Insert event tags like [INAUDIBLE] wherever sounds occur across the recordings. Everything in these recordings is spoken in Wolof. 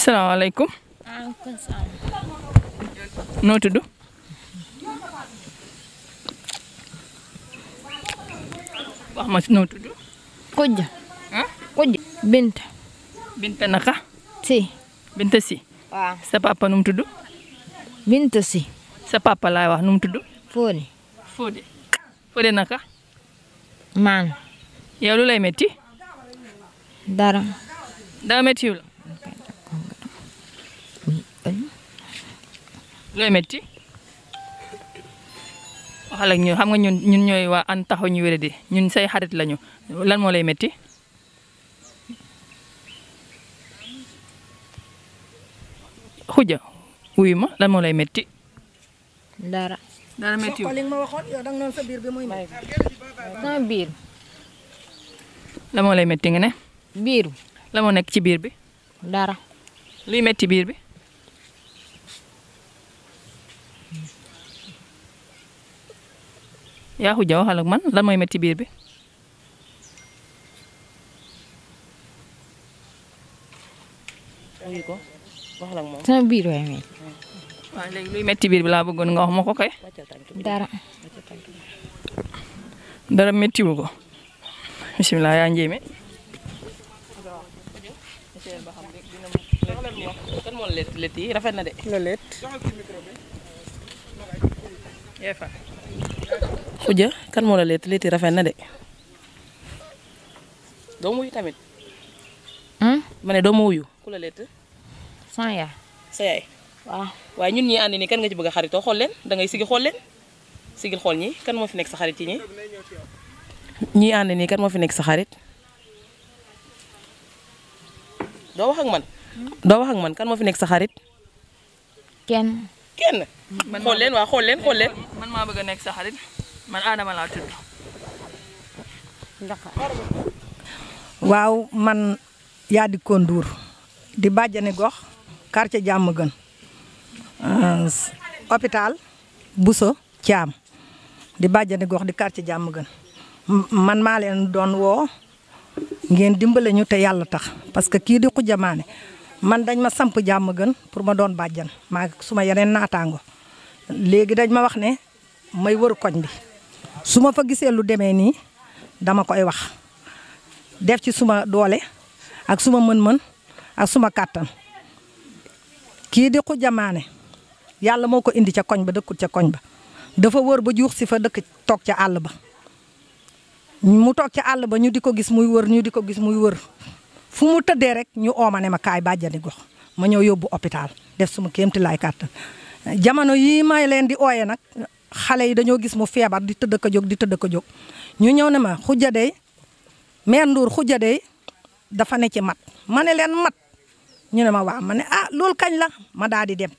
Assalamualaikum. No to do. Wax no to do. Kujja. Hein? Kujja. Binta. Binta naka? Si. Binta si. Ah. Sa papa num do? Binta si. Sa papa lawa nom to do? Fode. Fode. Fode naka? Man. Ya lu lay meti? Dara. Dara meti Okay. loy metti waxal ak ñu xam nga ñun ñun ñoy wa an taxo ñu di ñun say xarit lañu lan mo lay metti xuja wuyu ma lan mo lay metti dara dara metti ko li ma waxon yo dang non sa bir bi muy metti sa bir lan mo lay metti nga ne bir lan mo nek ci bir bi dara luy metti bir bi yaa xuja waxal ak man lan mooy metti biir bi. sama biir waay mii. metti biir bi laa bëggoon nga wax ma ko kay. dara. dara méttiwu ko. bisimilah yaa njéeme. Uja, kan mau lihat lihat létt yi rafet na de tamit hmm? Mana domu itu? Kula lihat Saya. Saya. Wah Wah sa yaay waaw ini kan nga coba bëgg a kholen, dan leen isi kholen, isi kholni. kan mau finex nekk ini. xarit ane ini kan mau finex nekk sa hangman. doo hangman hmm? kan mau finex nekk Ken kenn. man xool leen waa xool leen xool man maa bëgg a nekk sa man Adama laa tudd. waaw man di Kondour di bàjjani gox quartier jàmm gën euh, hôpital Bousso di bàjjani gox di quartier jàmm gën man maa leen doon woo ngeen dimbale ñu te Pas tax parce que kii di man dañ ma samp jàmm gën pour ma doon bàjjan ma suma yenen natango léegi dañ ma wax ne may wër koñ bi suma fa gisé lu démé ni dama koy wax def ci suma doole ak suma mën-mën ak suma katan. ki di xujamaane jamané yalla ko indi ci koñ ba dekkut ci koñ ba dafa wër ba juux ci fa dekk tok ci all ba mu tok ci all ba ñu diko gis muy wër ñu diko gis muy wër fu mu tëddee rek ñu ooma ne ma kaay bàjjani gox ma ñëw yóbbu hôpital def suma kéemtalaay kàttan jamono yii may leen di ooyee nag xale yi dañoo gis mu feebar di tëdd ko jóg di tëdd ko jóg ñu ñëw ne ma xujja dey meer Ndour xujja dafa ne ci mat ma ne leen mat ñu ne ma waa ma ne ah loolu kañ la ma daal di dem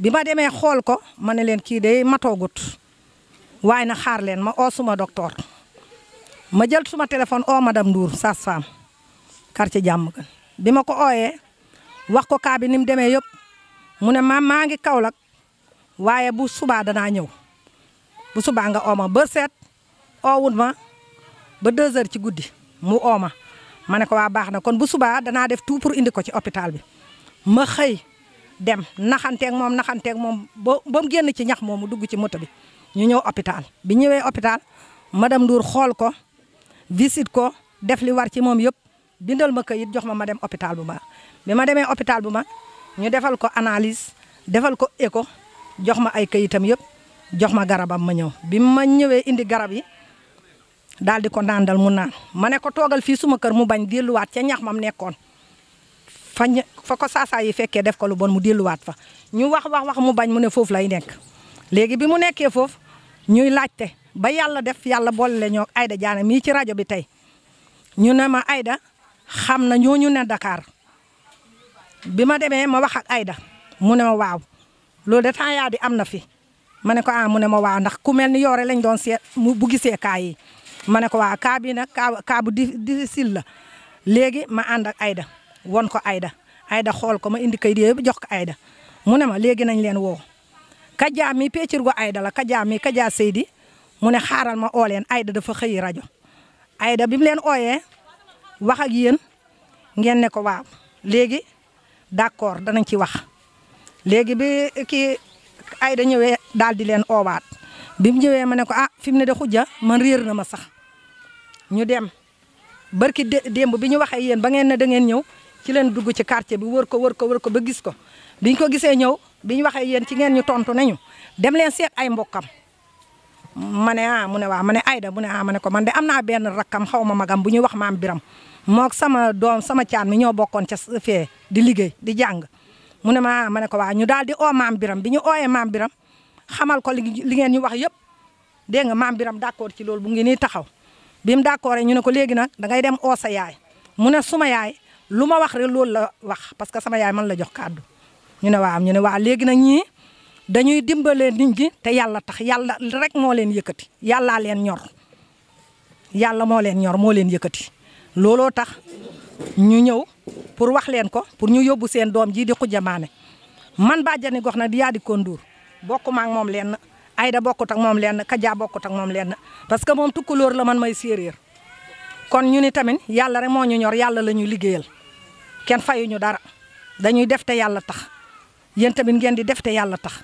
bi ma demee xool ko ma ne leen kii dey matoogut waaye na xaar leen ma oo suma docteur ma jël suma téléphone oo madame Ndour sage-femme quartier jamm kan bima ko ooyee wax ko kaa bi ni mu demee yëpp mu ne ma maa ngi Kaolack waaye bu suba dana ñew bu suba nga oma ba seet oowut ma ba 2 heures ci goudi mu oma, mané ko wa baxna kon bu suba dana def tout pour indi ko ci hôpital bi ma xey dem ak mom naxanté ak mom bo mu génn ci ñax moomu dugg ci moto bi ñu ñew hôpital bi ñewé hôpital madame Ndour xol ko visite ko def li war ci mom yop bindal ma kayit jox ma ma dem hôpital bu ma bi ma hôpital bu ma ñu defal ko analyse defal ko écho jox ma ay kayitam yépp jox ma garabam ma ñew bi ma ñewé indi garab yi dal di ko nandal mu naan mané ko togal fi suma kër mu bañ wat ci ñax mam fa fa ko sasa yi def ko lu bon mu wat fa ñu wax wax wax mu bañ mu ne foofu lay nekk légui bi mu nekkee foofu ñuy laajté ba yalla def yalla bolé ñok Ayda Jaane mi ci radio bi tay ñu ne Ayda xam na ñooñu ne Dakar bi ma demee ma wax ak Aida mu ne ma waaw loolu de temps yaa di am na fi ma ne ko ah mu ne ma waaw ndax ku mel ni yoore lañ doon seet mu bu gisee kaa yi ma ne ko waaw kaa bii nag kaa kaa bu difficile la léegi ma ànd ayda Aida won ko ayda Aida xool ko ma indi kayit yëpp jox ko Aida mu ne ma léegi nañ leen woo Kaja mi peccir gu Aida la Kaja mi Kaja Seydi mu ne xaaral ma oo leen Aida dafa xëyi rajo Aida leen ooyee wax ak yéen ngeen ne ko waaw léegi d'accord danañ ci wax léegi bi kii ayda da ñëwee daal di leen oowaat bi mu ñëwee ma ne ko ah fi mu ne de xujja man réer na ma sax ñu dem barki démb bi ñu waxee yéen ba ngeen ne da ngeen ñëw ci leen dugg ci quartier bi wër ko wër ko wër ko ba gis ko biñ ko gisee ñëw bi ñu waxee yéen ci ngeen ñu tontu nañu dem leen seet ay mbokkam ma ne ah mu ne waa ne Ayda mu ne ah ma ne ko man de am naa benn rakkam ma magam bu ñuy wax maam biram mook sama doom sama caan mi ñoo bokkoon ca fee di liggéey di jàng mu ne ma ma ne ko waa ñu daal di oo maam biram bi ñu ooyee maam biram xamal ko li ngeen ñu wax yëpp dégg nga maam biram d'accord ci loolu bu ngi nii taxaw bi mu d'accord ñu ne ko léegi nag da dem oo sa yaay mu ne suma yaay lu ma wax rek loolu la wax parce que sama yaay man la jox kàddu ñu ne waaw ñu ne waa léegi nag ñii dañuy dimbalee nit ñi te yàlla tax yàlla rek moo leen yëkkati yàllaa leen ñor yàlla moo leen ñor moo leen yëkkati looloo tax ñu ñëw pour wax leen ko pour ñu yóbbu seen doom jii di Khoudia Mané man bàjjani gox na di yaadi di konduur bokkuma ak moom ay da bokkut ak moom lenn Kaja bokkut ak moom leen na parce que moom tukkulóor la man may séeréer kon ñu ni tamit yàlla rek moo ñu ñor yàlla la ñu liggéeyal kenn fayuñu dara dañuy def te yàlla tax yéen tamit ngeen di def te yàlla tax.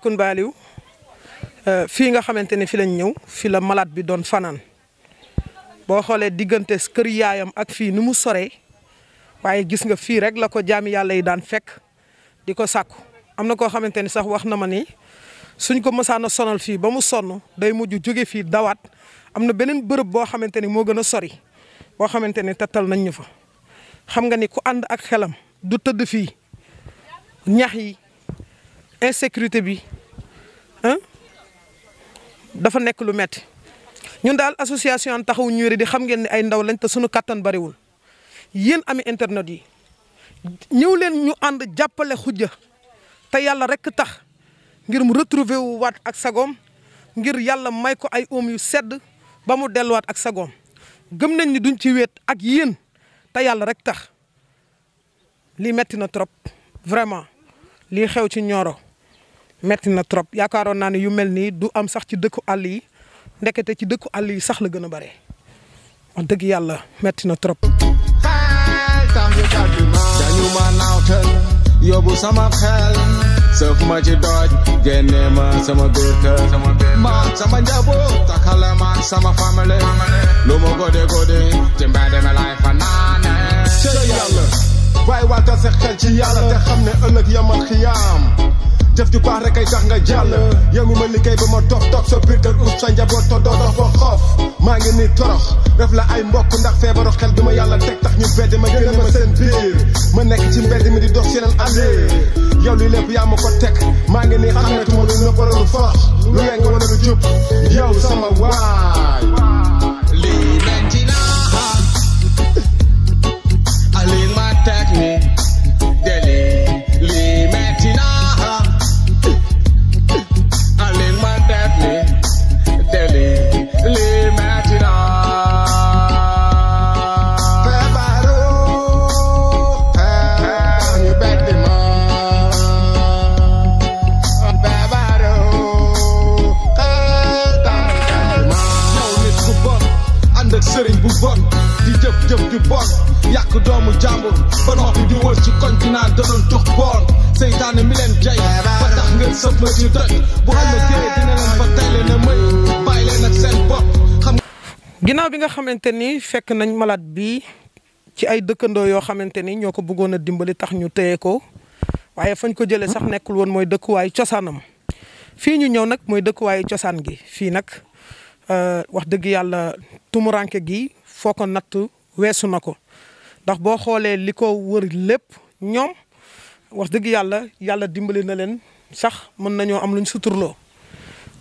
Koumpentoun Baaliw euh, fii nga xamante ne fi lañ ñëw fi la malaat bi doon fanaan boo xoolee diggante kër yaayam ak fii ni mu soree waaye gis nga fii rek la ko jaami yàlla yi daan fekk di ko sàkku am na koo xamante ni sax wax na ma ni suñ ko mësaan sonal fii ba mu sonn day mujj jóge fii dawaat am na beneen bërëb boo xamante ni moo gën a sori boo xamante ni tattal nañ ñu fa xam nga ni ku ànd ak xelam du tëdd fii ñax yi sécurité bi ah dafa nekk lu metti ñun daal association taxawu ñu di xam ngeen ne ay ndaw lañ te suñu kattan bariwul yéen ami internet yi ñëw leen ñu ànd jàppale xujja te yàlla rek tax ngir mu retrouver wu waat ak sagoom ngir yàlla may ko ay oom yu sedd ba mu delluwaat ak sagoom gëm nañ ni duñ ci wéet ak yéen te yàlla rek tax lii metti na trop vraiment lii xew ci ñooro metti na trop yaakaaroon naa ne yu mel nii du am sax ci dëkku àll yi ndekete ci dëkku àll yi sax la gën a bare wax dëgg yàlla metti na trop. dañu ma nawtal yóbbu sama xel sëf ma ci doj génne ma sama biir kër sama njaboot takkale maag sama famille lu ma gode gode ci mbedd mi laay fanaane ca yàlla waaye wàlka sa xel ci yàlla te xam ne ëllëg yamal xiyaam jëf ju baax rek ay tax nga jàll yow mi ma liggéey ba ma dox toog sa biir kër ut sa njaboot te xoof maa ngi nii torox def la ay mbokk ndax feebaru xel bi ma yàlla teg tax ñu bedd ma génne ma seen biir ma nekk ci mbedd mi di dox seeneen allée yow lii lépp yaa ma ko teg maa ngi nii xam ne tuma lu nëpp wala lu foox lu yeng wala lu jub yow sama waay bu doomu jàmbur ba noppi di ci koñ bi tux boon seytaane mi leen jay ba tax ngeen sëpp la ci doj bu ëllëgee dina leen fa tey leen mëy bàyyi leen ak seen bopp ginnaaw bi nga xamante ni fekk nañ malaat bi ci ay dëkkandoo yoo xamante ni ñoo ko bëggoon a dimbali tax ñu téye ko waaye fañ ko jëlee sax nekkul woon mooy dëkkuwaayu cosaanam fii ñu ñëw nag mooy dëkkuwaayu cosaan gi fii nag euh, wax dëgg yàlla tumuraanke gi foo ko natt weesu na ko. ndax boo xoolee li ko wër lépp ñoom wax dëgg yàlla yàlla dimbali na leen sax mën nañoo am luñ suturloo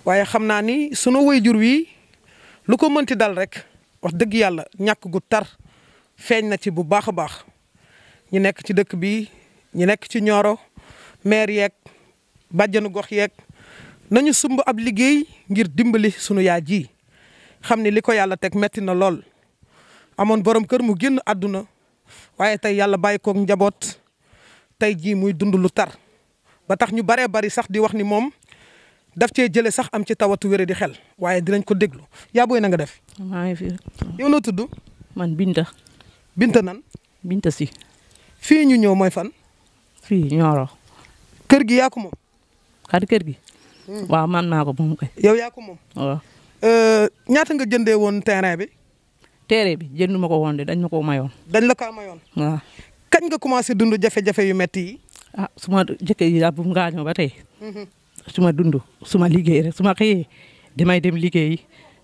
waaye xam naa ni sunu jur wi lu ko mënti dal rek wax dëgg yàlla ñàkk gu tar feeñ na ci bu baax a baax ñu nekk ci dëkk bi ñu nekk ci Nioro maire yeeg bàjjanu gox yeeg nañu sumb ab liggéey ngir dimbali sunu yaay ji xam ni li ko yàlla teg metti na lool amoon borom kër mu génn àdduna waye tay yalla bàyyi koog njabot tay ji muy dund lu tar ba tax ñu bare bare sax di wax ni mom daf ci jëlee sax am ci tawatu wéré di xel waaye dinañ ko déglu ya boy na nga def. yow no tuddu man Binta. Binta nan. Binta si. fi ñu ñëw moy fan. fi ñoro kër gi ya ko mom xar kër gi. Hmm. wa man maa ko moom kay. yow ya ko wa euh ñaata nga jëndé won terrain bi. téere bi jëndu ma ko woon dañ ma ko mayoon. dañ la kaa mayoon. waaw kañ nga commencé dund jafe-jafe yu metti yi. ah su ma jëkkër yi bu mu ba tey. Mm-hmm. su ma dund su ma liggéey rek su ma xëyee dem liggéey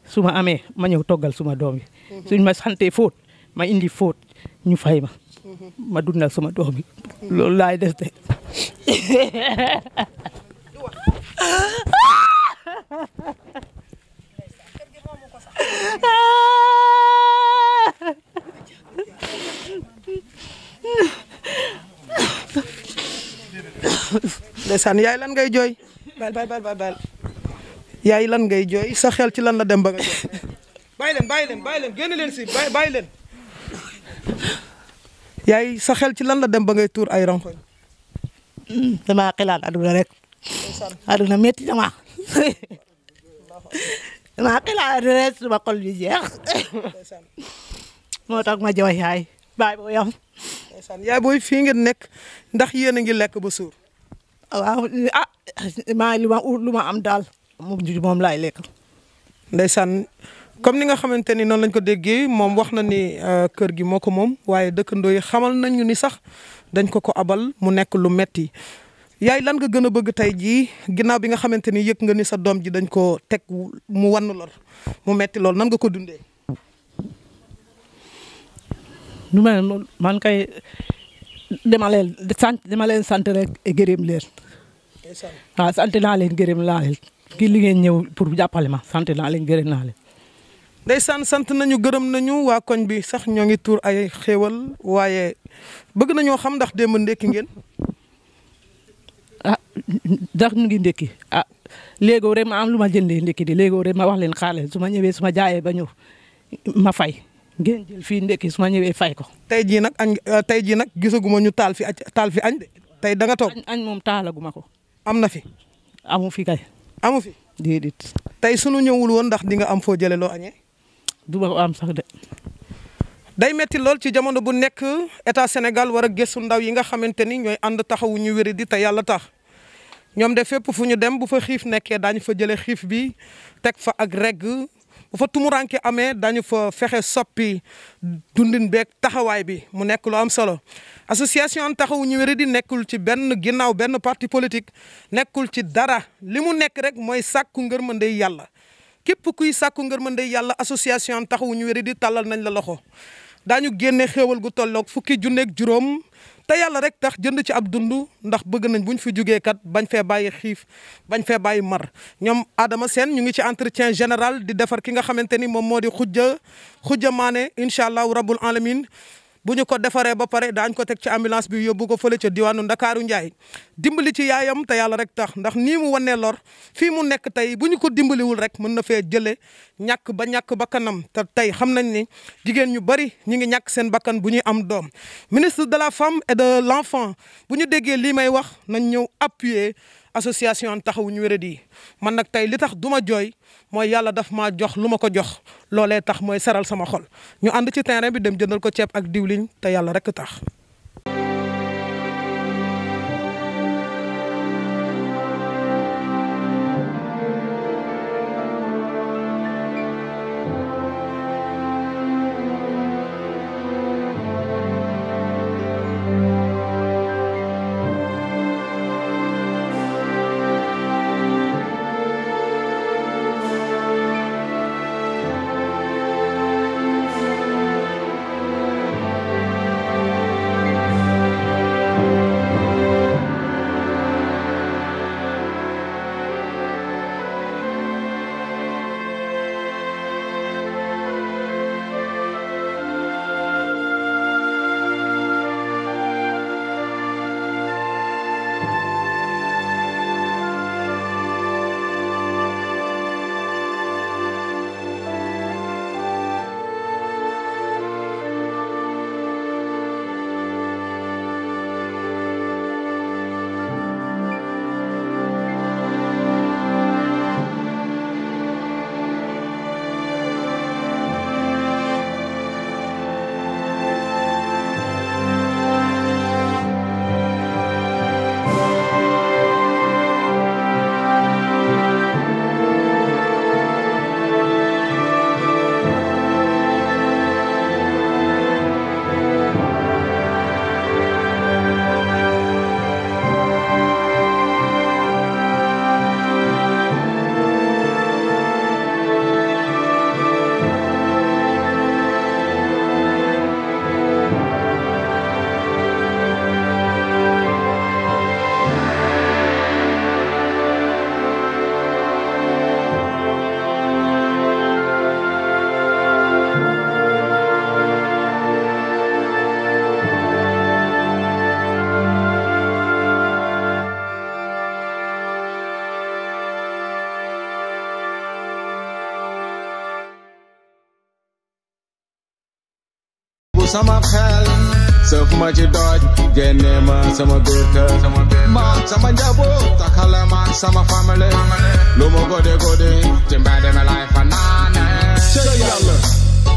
su ma amee ma ñëw toggal suma doom yi. Mm-hmm. ma santee fóot ma indi fóot ñu fay ma. Mm-hmm. ma dundal suma doom yi. loolu laay def [LAUGHS] [LAUGHS] ah! ndeysaan yaay lan ngay jooy bal lan ngay jooy sa xel ci lan la dem ba nga jooy leen bàyyi leen bàyyi leen yaay sa ci lan la dem ba ngay tuur ay ronkoñ damaa xilaat aduna rek [LAUGHS] rek suma xol bi moo tax ma joy hay bay bo yam san ya boy fi ngeen nek ndax yéen ngi lek ba sour waaw ah ma luma luma am daal moom mom lay lek ndaysan comme ni nga xamanteni non lañ ko déggee mom wax na ni euh, kër gi moko mom waye dekk ndoy xamal nañu ni sax dañ ko ko abal mu nek lu metti yaay lan nga gëna bëgg tay ji ginaaw bi nga xamanteni ni nga ni sa dom ji dañ ko tek mu wann lor mu metti lool nan nga ko dundé nu ma man kay dama leen sant dama leen sant rek gërëm leen. waaw sant naa leen gërëm naa kii li ñëw pour jàppale ma sant naa leen gërëm naa leen. sant nañu gërëm nañu waa koñ bi sax ñoo ngi tuur ay xéewal waaye bëgg nañoo xam ndax démb ndekki ngeen. ah dax ñu ngi ndekki ah léegoo rek ma am lu ma jëndee ndekki di léegoo rek ma wax leen xaaral su ma ñëwee su ma jaayee ba ñëw ma fay. ngeen jël fii ndekki su ma ñëwee fay ko. tey jii nag añ euh, tey jii nag gisaguma ñu taal fi taal fi añ de tey da nga toog. añ moom taalaguma ko. am na fi. amu fi kay. amu fi déedéet. tey sunu ñëwul woon ndax di nga am foo jëlee loo añee. du ma ko am sax de. day metti lool ci jamono bu nekk état Sénégal war a gëstu ndaw yi nga xamante ni ñooy ànd taxawu ñu wéri di te yàlla tax ñoom de fépp fu ñu dem bu fa xiif nekkee daañu fa jëlee xiif bi teg fa ak regg bu fa tumuranke amee dañu fa fexe soppi dundin beeg taxawaay bi mu nekk lu am solo association taxawu ñu wéri di nekkul ci benn ginnaaw benn parti politique nekkul ci dara li mu nekk rek mooy sàkku ngërmandey yàlla képp kuy mën ngërmandey yàlla association taxawu ñu wéri di tàllal nañ la loxo daañu génne xéewal gu tolloog fukki junneeg juróom te yàlla rek tax jënd ci ab dund ndax bëgg nañ bu ñu fi jugee kat bañ fee bàyyi xiif bañ fee bàyyi mar ñoom Adama Sène ñu ngi ci entretien général di defar ki nga xamante ni moom moo di xujja xujja maane incha allahu rabbul alamin bu ñu ko defaree ba pare daañ ko teg ci ambulance bi yóbbu ko fële ca diwaanu Ndakaaru Njaay dimbali ci yaayam te yàlla rek tax ndax nii mu wanee lor fii mu nekk tey bu ñu ko dimbaliwul rek mën na fee jëlee ñàkk ba ñàkk bakkanam te tey xam nañ ni jigéen ñu bari ñu ngi ñàkk seen bakkan bu ñuy am doom ministre de la femme et de l'enfant bu ñu déggee lii may wax nañ ñëw appuyer association taxawu ñu wéradi man nag tey li tax du jooy mooy yàlla dafa maa jox lu ma ko jox loolee tax mooy seral sama xol ñu ànd ci terrain bi dem jëndal ko ceeb ak diwliñ te yàlla rek tax. sama xel ma ci doj génne ma sama biir kër maam sama njaboot takkale ma sama famille lu ma gode gode ci mbedd mi laay fanaane ci yàlla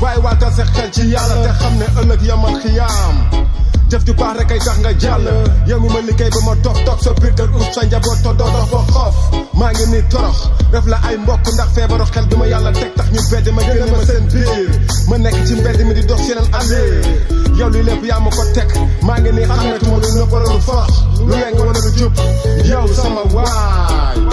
waaye wàggal sa xel ci yàlla te xam ne ëllëg yamal xiyaam jëf ju baax rek ay tax nga jàll yëngu ma liggéey ba ma dox toog sa biir kër ut sa njaboot to doo dox ba xoof maa ngi ni torox def la ay mbokk ndax feebaru xel bi ma yàlla teg tax ñu beddi ma génne ma seen ma nekk ci mbedd mi di dox yeneen allée yow li lépp yaa ma ko teg maa ngi nii xamatuma lu nëpp wala lu faax lu leng wala lu jub yow sama waay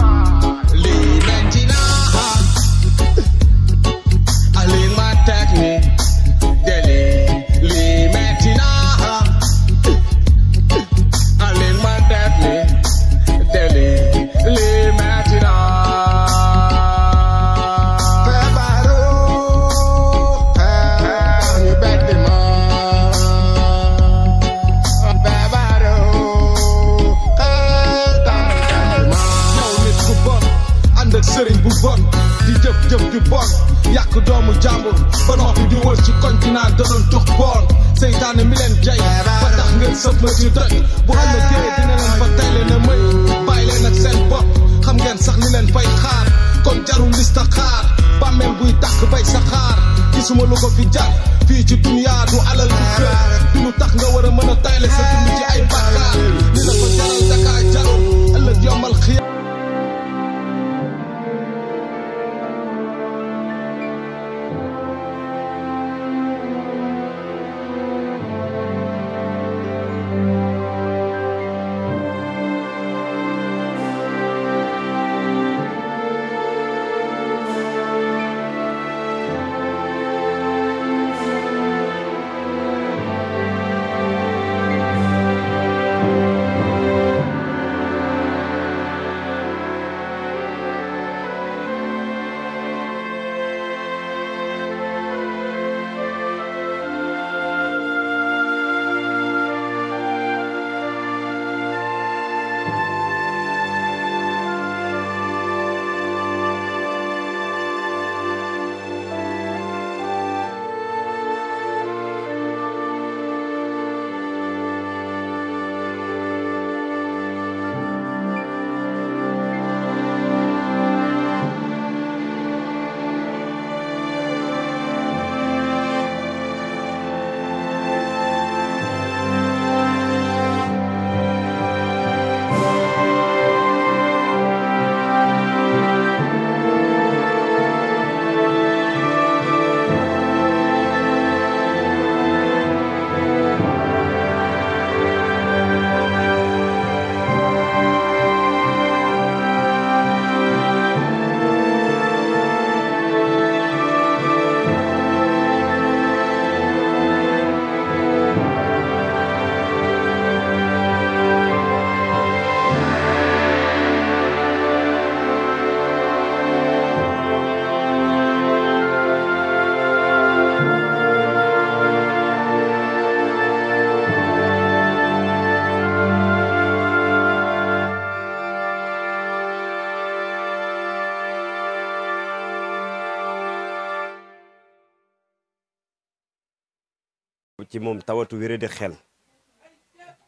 Mum tawatu wéradi xel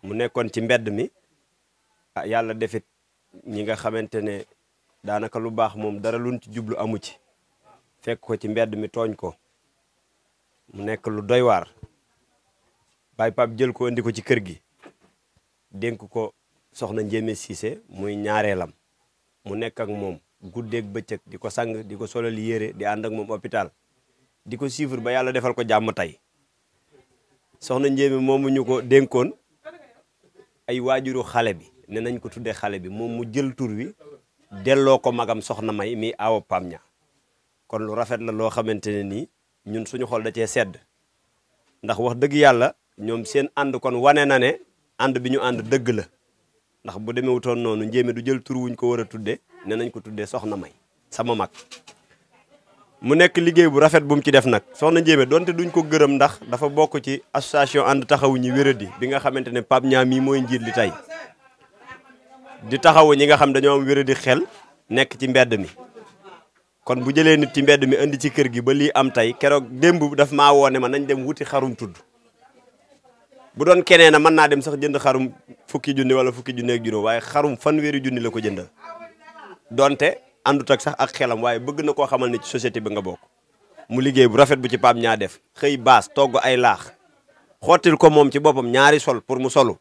mu nekkoon ci mbedd mi ah yàlla defit ñi nga xamante ne daanaka lu baax moom dara luñ ci jublu amu ci fekk ko ci mi tooñ ko mu nekk lu doy waar Baye Pape jël ko indi ko ci kër gi dénk ko soxna Njéeme Siise muy ñaareelam mu nekk ak di ko sang di ko solal yére di ànd ak moom hôpital di ko ba yàlla defal ko jàmm soxna Ndiémé moomu ñu ko dénkoon ay waajuru xale bi ne nañ ko tuddee xale bi moom mu jël tur wi delloo ko magam soxna May mi awa Pam ña kon lu rafet la loo xamante ne nii ñun suñu xol da cee sedd ndax wax dëgg yàlla ñoom seen ànd kon wane na ne ànd bi ñu ànd dëgg la ndax bu demee wutoon noonu Ndiémé du jël tur wuñ ko war a tuddee ne ko tuddee soxna May sama mag. mu nekk liggéey bu rafet bu mu ci def nag soxna Ndiémé donte duñ ko gërëm ndax dafa bokk ci association ànd taxawu ñi wéradi bi nga xamante ne Pape Niang mii mooy li tey di taxawu ñi nga xam am xel ci mbedd mi. kon bu jëlee nit ci mbedd mi indi ci kër gi ba lii am tey keroog démb daf maa woone ma nañ dem wuti xarum tudd bu doon keneen a mën naa dem sax jënd xarum fukki junni wala fukki junni ak juróom waaye xarum fanweeri la ko donte àndut ak sax ak xelam waaye bëgg na koo xamal ne ci société bi nga bokk mu liggéey bu rafet bu ci Pape Niang def xëy baas togg ay laax xottil ko moom ci boppam ñaari sol pour mu solu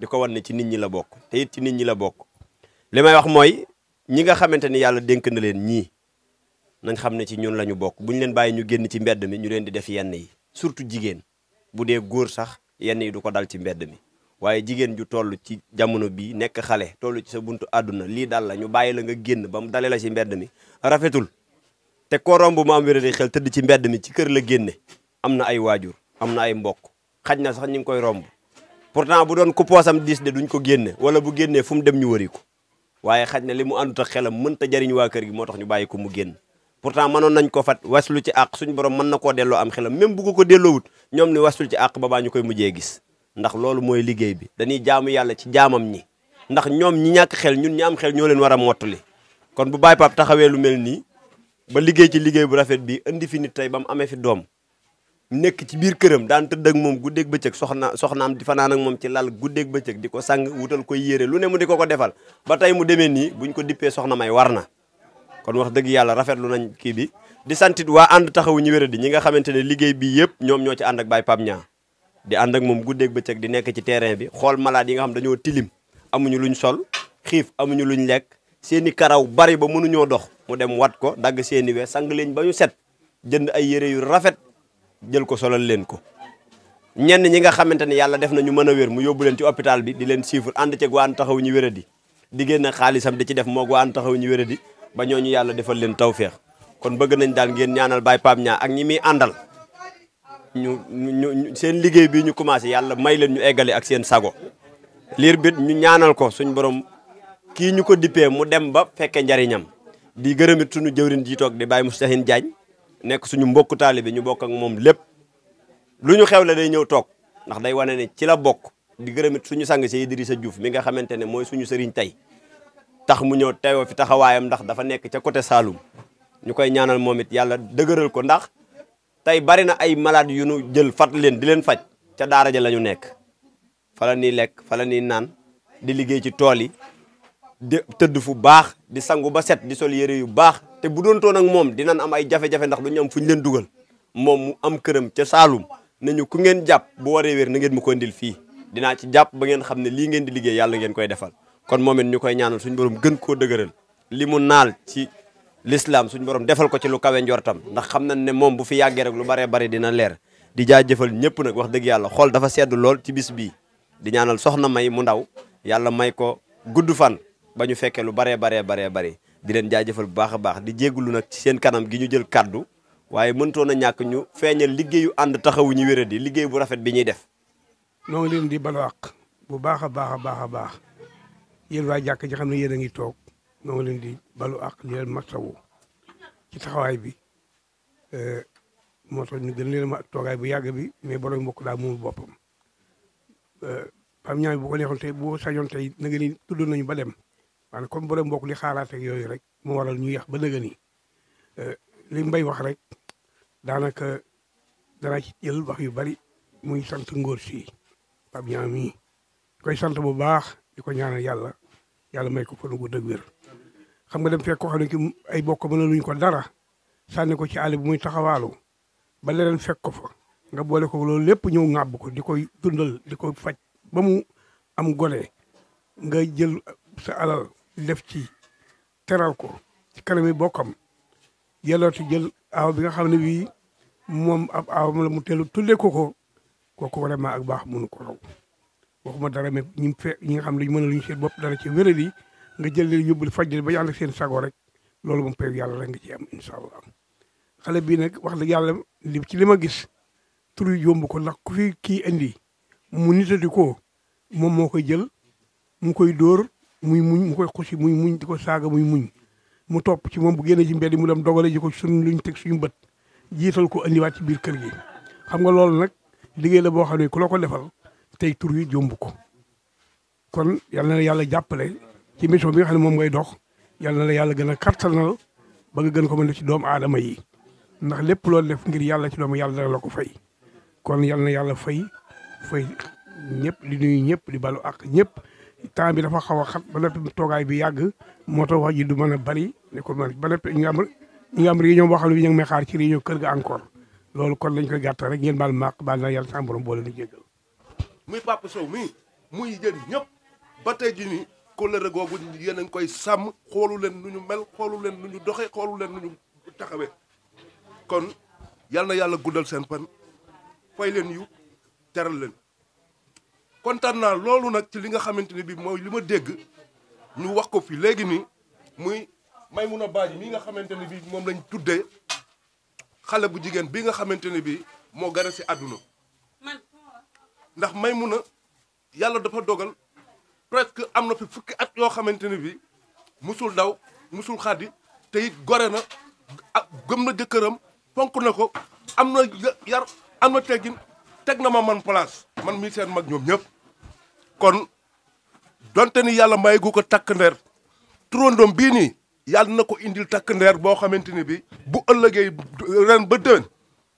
di ko wan ne ci nit ñi la bokk te it ci nit ñi la bokk li may wax mooy ñi nga xamante ni yàlla na leen ñii nañ xam ci ñun la ñu leen ñu ci mbedd mi ñu leen di def yenn yi surtout jigéen bu dee sax yenn yi dal ci mbedd mi waaye jigéen ju toll ci jamono bi nekk xale toll ci sa buntu aduna lii dal la ñu bàyyi la nga génn ba mu la ci mbedd mi rafetul te ko romb mu am wéradi xel tëdd ci mbedd mi ci kër la génne am na ay na ay mbokk xaj sax ñu koy romb pourtant bu doon ku poosam diis de duñ ko génne wala bu génnee fu mu dem ñu wëri ko waaye xaj na li mu àndut ak xelam mënta jariñ waa kër gi moo tax ñu bàyyi ko mu génn pourtant mënoon nañ ko fat waslu ci suñu borom am xelam même bu ko ni waslu ci koy gis ndax lolu moy liggey bi dañuy jaamu yalla ci jaamam ñi ndax ñom ñi ñak xel ñun ñi am xel ñoleen wara kon bu Baye pap taxawee lu melni ba liggey ci liggey bu rafet bi andi fi nit tay bam amé fi dom nek ci bir kërëm daan tëdd ak guddé ak bëcëk soxna soxnaam di fanaan ak mom ci lal guddé ak di diko sang wutal koy yéré lu ne mu di ko défal defal ba tay mu démé ni buñ ko dippé soxna may warna kon wax dëgg rafet lu nañ ki bi di santit wa and taxawu wéré di ñi nga xamante ne bi yépp ñom ñoo ci and ak Baye di and ak moom guddeeg bëccëg di nekk ci terrain bi xol malade yi nga xam dañoo tilim amuñu luñ sol xif amuñu luñ lek seeni karaw bari ba mënuñu dox mu dem wat ko dag seeni we sang leen bañu set jënd ay yéré yu rafet jël ko solal leen ko ñenn ñi nga xamanteni yalla def na mëna wër mu yobbu leen ci hôpital bi di leen sifur and ci waan taxaw ñu wéradi di génn xaalisam di ci def mo taxaw ñu ba ñoñu yalla defal leen tawfiq kon bëgg nañ daal ngeen ñaanal bay pam Niang ak ñi mi andal ñu ñu seen liggéey bi ñu commencé yàlla may leen ñu eggale ak seen sago liir bit ñu ñaanal ko suñ borom kii ñu ko dippee mu dem ba fekkee njariñam di gërëmit suñu jëwrin ji toog di mu Moustahine jaañ nekk suñu mbokku taalibe ñu bokk ak moom lépp lu ñu xew la day ñëw toog ndax day wane ne ci la bokk di gërëmit suñu sang si Idrissa juuf mi nga xamante ne mooy suñu sëriñ tey tax mu ñëw teewoo fi taxawaayam ndax dafa nekk ca côté Saloum ñu koy ñaanal moom ko ndax tey bari na ay malade yu nu jël fat leen di leen faj ca daara ja la ñu nekk fa la ñuy lekk fala la naan di liggéey ci tool yi di tëdd fu baax di sangu ba set di sol yére yu baax te bu doon toon ak moom dinañ am ay jafe-jafe ndax du ñu am fu ñu leen dugal moom mu am këram ca Saalum nañu ku ngeen jàpp bu waree wér na ngeen mu ko indil fii dinaa ci jàpp ba ngeen xam ne lii ngeen di liggéey yàlla ngeen koy defal kon moom it ñu koy ñaanal suñu borom gën koo dëgëral lislaam suñu borom defal ko ci lu kawe njortam ndax xam nañ ne moom bu fi yàggee rek lu baree bari dina leer di jaa jëfal ñëpp nag wax dëgg yàlla xool dafa sedd lool ci bis bii di ñaanal soxna may mu ndaw yàlla may ko gudd fan ba ñu fekkee lu baree baree baree bari di leen jaajëfal bu baax a baax di jéggulu nag ci seen kanam gi ñu jël kàddu waaye mëntoon a ñàkk ñu feeñal liggéeyu ànd taxawu ñu wéra di liggéey bu rafet bi ñuy def noo ngi leen di balwaq bu baax a baax a baax a baax yéen waa jàkk xam ne yéen a ngi toog noo ngi di balu àq di leen masawu ci taxawaay bi eh, moo tax ñu gën leen ma toogaay bu yàgg bi mais borom mbokk daal moomul boppam eh, pam ñaar bu ko neexoon tey bu sañoon tey na tudd nañu ba dem waaye comme borom mbokk li xaaraat yooyu rek moo waral ñu yàq ba na nga eh, li mbay wax rek daanaka danaa ci jël wax yu bari muy sant ngóor si pam ñaar mii koy sant bu baax di ko ñaanal yàlla yàlla may ko fan gu dëgg wér xam nga dem fekk ko xam ne ki ay bokk mënaluñ ko dara sànni ko ci àll bu muy taxawaalu ba leneen fekk ko fa nga boole ko loolu lépp ñëw ŋàbb ko di koy dundal di koy faj ba mu am gone nga jël sa alal def ci teral ko ci kanami bokkam yellooti jël bi nga xam ne bii moom ab aawam la mu teelu tuddee ko ko kooku vraiment ak baax mënu ko raw ma dara mais ñi fe ñi nga xam ne mën a luñu seet bopp dara ci wéradi nga jël leen yóbbul fajjal ba yàlla seen sago rek loolu moom peew yàlla rek nga ci am incha allah xale bii nag wax dëgg yàlla li ci li ma gis tur yi yomb ko ndax ku fi kii indi mu nitati ko moom moo koy jël mu koy dóor muy muñ mu koy xusi muy muñ di ko saaga muy muñ mu topp ci moom bu génne ci mbedd mu dem dogale ji ko lu luñ teg suñu bët jiital ko andiwaat ci biir kër gi xam nga loolu nag liggéey la boo xam ne ku la ko defal te tur yi jomb ko kon ci mission bi nga ne moom ngay dox yàlla na la yàlla gën a kattanal ba nga gën ko mën def ci doomu aadama yi ndax lépp loolu def ngir yàlla ci doomu yàlla dana la ko fay kon yàlla na yàlla fay fay ñëpp di nuyu ñëpp di balu ak ñëpp temps bi dafa xaw a xat ba noppi toogaay bi yàgg moo tax wax ji du mën a bari ne ko mën ba noppi ñi nga yi ñi nga am réunion boo may xaar ci réunion kër ga encore loolu kon lañ koy gàttal rek ngeen baal màq baal na yàlla sa borom boole nu jéggal muy kóllëre googu yéen a ngi koy sàmm xoolu leen nu ñu mel xoolu leen nu ñu doxee xoolu leen nu ñu taxawe kon yàlla na yàlla guddal seen pan fay leen yu teral leen kontaan naa loolu nag ci li nga xamante ni bi mooy li ma dégg ñu wax ko fi léegi nii muy Maymuna Baaji mii nga xamante ne bi moom lañ tuddee xale bu jigéen bi nga xamante ne bi moo gane si àdduna ndax Maymuna yàlla dafa dogal presque am na fi fukki at yoo xamante ni bi musul daw musul xaddi te gore na ak gëm na jëkkëram fonk na ko am na yar am na teggin teg na ma man place man mii seen mag ñoom ñëpp kon donte ni yàlla may gu ko takk ndeer turandoom bii nii yàlla na ko indil takk ndeer boo xamante ni bi bu ëllëgee ren ba déwén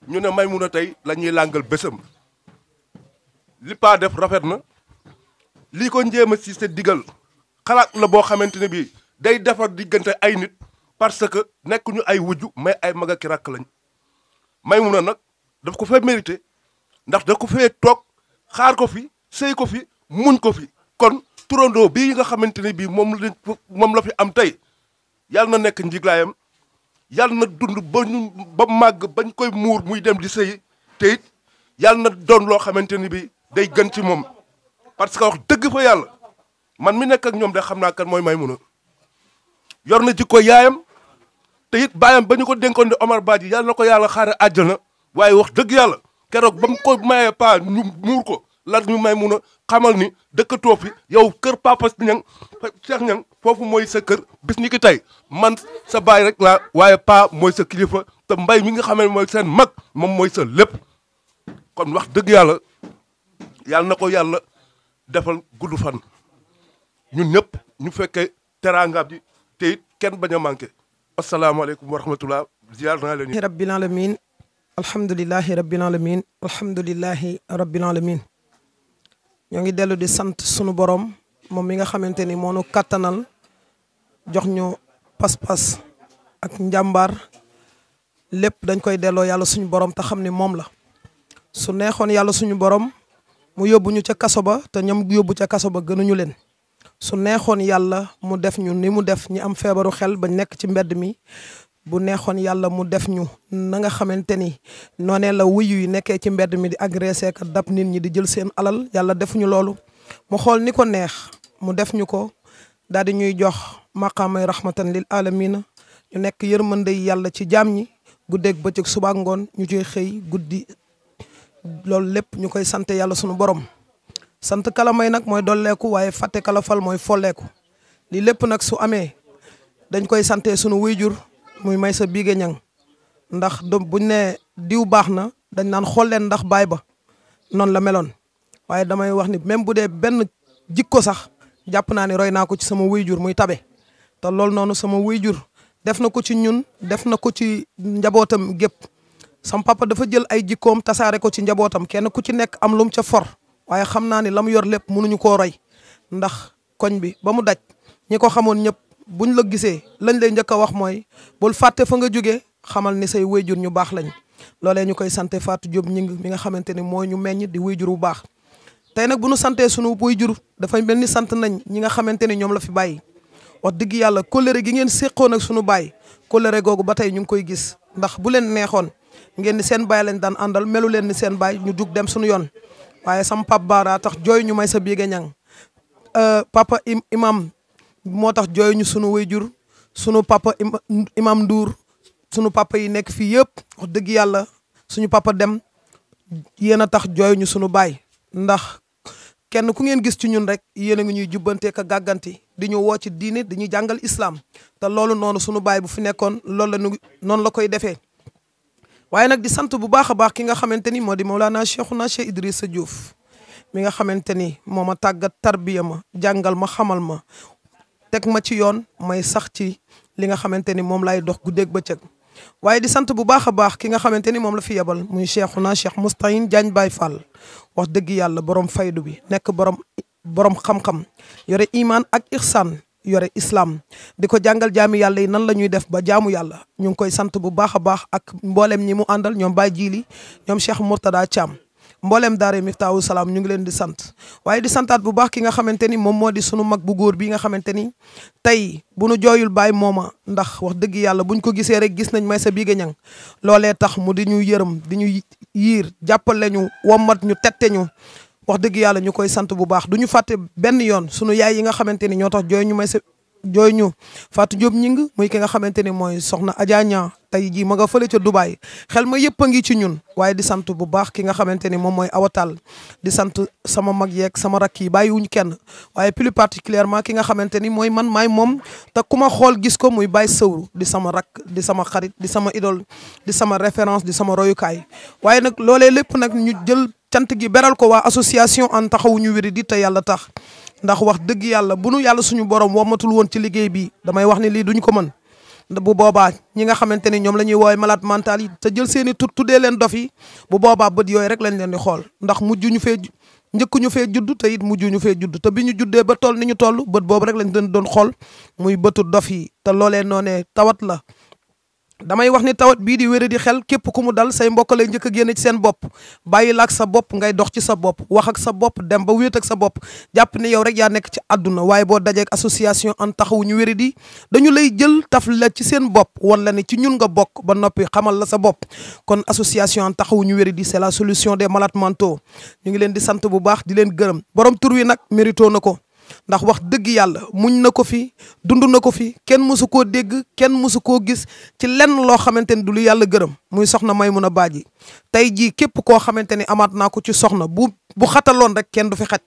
ñu ne may mun a tey lañuy ñuy làngal bésam li def rafet na lii ko njéem a Cissé digal xalaat la boo xamante ne bii day defar diggante ay nit parce que nekk ñu ay wujju may ay mag lañ may mu na nag daf ko fee mérité ndax da ko fee toog xaar ko fi sëy ko fi muñ ko fi kon turandoo bi nga xamante ne bii moom la moom la fi am tey yàlla na nekk njiglaayam yàlla na dund ba ñu ba màgg bañ koy muur muy dem di sëy te it yàlla na doon loo xamante ni bii day gën ci moom parce que wax dëgg fa yàlla man mi nekk ak ñoom de xam naa kan mooy Maymuna yor na jikko yaayam te it baayam ba ñu ko dénkoon di Omar Badji yàlla na ko yàlla xaare àjjana waaye wax dëgg yàlla keroog ba mu ko mayee paa ñu muur ko lan ñu Maymuna xamal ni dëkkatoo fi yow kër Papa Ñang Cheikh Ñang foofu mooy sa kër bis ñi tey man sa baay rek laa waaye paa mooy sa kilifa te mbay mi nga xam ne mooy seen mag moom mooy sa lépp wax dëgg yàlla yàlla na ko yàlla defal gudd fan ñun ñëpp ñu fekkee teraangaam ji te kenn bañ a manqué asalaamaaleykum wa rahmatullah ziar naa leen rabbil alamin alhamdulilahi rabbil alamin alhamdulilahi rabbil alamin ñoo ngi dellu di sant sunu borom moom mi nga xamante ni moo nu kattanal jox ñu pas-pas ak njàmbaar lépp dañ koy delloo yàlla suñu borom te xam ne moom la su neexoon yàlla suñu borom mu yóbbu ñu ca kaso ba te ñoom yóbbu ca kaso ba gënuñu leen su neexoon yàlla mu def ñu ni mu def ñu am feebaru xel ba nekk ci mbedd mi bu neexoon yàlla mu def ñu na nga xamante ni noonee la wuyu yi nekkee ci mbedd mi di agressé ka dab nit ñi di jël seen alal yàlla defuñu loolu mu xool ni ko neex mu def ñu ko daal di ñuy jox maqaamay rahmatan lil alamina ñu nekk yërmande yàlla ci jaam ñi guddeeg bëccëg suba ngoon ñu ciy xëy guddi loolu lépp ñu koy sant yàlla sunu borom sant kala nag mooy dolleeku waaye fàtte kala fal mooy folleeku lii lépp nag su amee dañ koy sante sunu jur muy may sa biige ñang ndax doom buñ ne diw baax na dañ naan xool leen ndax baay ba noonu la meloon waaye damay wax ni même bu dee benn jikko sax jàpp naa ni roy naa ko ci sama wuyjur muy tabe te loolu noonu sama wuyjur def na ko ci ñun def na ko ci njabootam gépp sam papa dafa jël ay jikkoom tasaare ko ci njabootam kenn ku ci nekk am lum ca for waaye xam naa ni lam yor lépp mënuñu koo roy ndax koñ bi ba mu daj ñi ko xamoon ñëpp buñ la gisee lañ lay njëkk a wax mooy bul fàtte fa nga jóge xamal ni say wéyjur ñu baax lañ loolee ñu koy sante Fatou Diop ñing mi nga xamante ni mooy ñu meññ di wuy wéyjur bu baax tey nag bu nu santee sunu wéyjur dafay mel ni sant nañ ñi nga xamante ni ñoom la fi bàyyi wax dëgg yàlla kóllëre gi ngeen séqoon ak sunu baay kóllëre googu ba tey ñu ngi koy gis ndax bu leen neexoon ngeen ni seen baay lañ dan andal melu len ni seen baay ñu dug dem suñu yoon waye sam pap bara tax joy ñu may sa biige ñang euh, papa imam moo tax jooy ñu sunu wayjur sunu papa imam Ndour sunu papa yi nek fi yëpp wax deug yalla suñu papa dem yena tax nyu ñu sunu baay ndax kenn ku ngeen gis ci ñun rek yena a ngi ñuy jubante ka gaganti di ñu wo ci diine di ñu jangal islam ta loolu nonu sunu baay bu fi nekkon loolu non la koy defee waaye nag di sant bu baax a baax ki nga xamante ni moo di Mawlana Cheikhuna Cheikh Idrissa Diouf mi nga xamante ni moo ma tàggat tarbiya ma jàngal ma xamal ma teg ma ci yoon may sax ci li nga xamante ni moom lay dox guddeeg bëccëg waaye di sant bu baax a baax ki nga xamante ni moom la fi yebal muy Cheikhuna Cheikh Moustahine Diagne Baye Fall wax dëgg yàlla borom faydu bi nekk borom borom xam-xam yore imaan ak ihsaan yore islaam di ko jàngal jaami yàlla yi nan la ñuy def ba jaamu yàlla ñu ngi koy sant bu baax a baax ak mboolem ñi mu àndal ñoom Baye Jili ñoom Cheikh Mourtada Thiam mboolem daare Miftaahu Salaam ñu ngi leen di sant waaye di santaat bu baax ki nga xamante ni moom moo di sunu mag bu góor bi nga xamante ni tey bu nu jooyul baay mooma ndax wax dëgg yàlla bu ñu ko gisee rek gis nañ may sa biiga ñang loolee tax mu di ñu yërëm di ñu yiir jàppale ñu wommat ñu tette wax dëgg yàlla ñu koy sant bu baax du ñu fàtte benn yoon sunu yaay yi nga xamante ni ñoo tax jooy ñu may sa jooy ñu Fatou Diop ñing muy ki nga xamante ni mooy soxna Adja Niang tey jii ma nga fële ca Dubaay xel ma yëpp a ngi ci ñun waaye di sant bu baax ki nga xamante ni moom mooy awatal di sant sama mag yeeg sama rakk yi bàyyiwuñ kenn waaye plus particulièrement ki nga xamante ni mooy man maay moom te ku ma xool gis ko muy bàyyi sëwru di sama rakk di sama xarit di sama idole di sama référence di sama royukaay waaye nag loolee lépp nag ñu jël cant gi beral ko wa association Ànd Taxawu ñu di ta yalla tax ndax wax deug yalla bu nu yalla suñu borom wommatul won ci liggey bi damay wax ni li duñ ko mën bu boba ñi nga xamanteni ñom lañuy woy ñuy malade mental yi te jël seeni i tudé len bu boba bëd yoy rek lañ len di xol ndax muju ñu fe ñeeku ñu fe judd te it muju ñu fe judd te biñu juddé ba toll ni ñu toll bëd bobu rek lañ doon xol muy bëtu dof yi te lolé noné tawat la damay wax ni tawat bii di wéré di xel képp ku mu dal say mbokk njëkk a génn ci seen bopp bàyyi la sa bopp ngay dox ci sa bopp wax ak sa bopp dem ba wéet ak sa bopp jàpp ne yow rek yaa nekk ci àdduna waaye boo dajeek association an taxawu ñu wéré di dañu lay jël taf la ci seen bopp la ne ci ñun nga bokk ba noppi xamal la sa bopp kon association an taxawu ñu wéré di c'est la solution de malades mentaux ñu ngi leen di sant bu baax di leen gërëm borom tur wi nag mérito na ko ndax wax dëgg yàlla muñ na ko fi dund na ko fi kenn mësu koo dégg kenn mësu koo gis ci lenn loo xamante ni du lu yàlla gërëm muy soxna Maymuna Baaji tey jii képp koo xamante ni amaat naa ko ci soxna bu bu xataloon rek kenn du fi xaj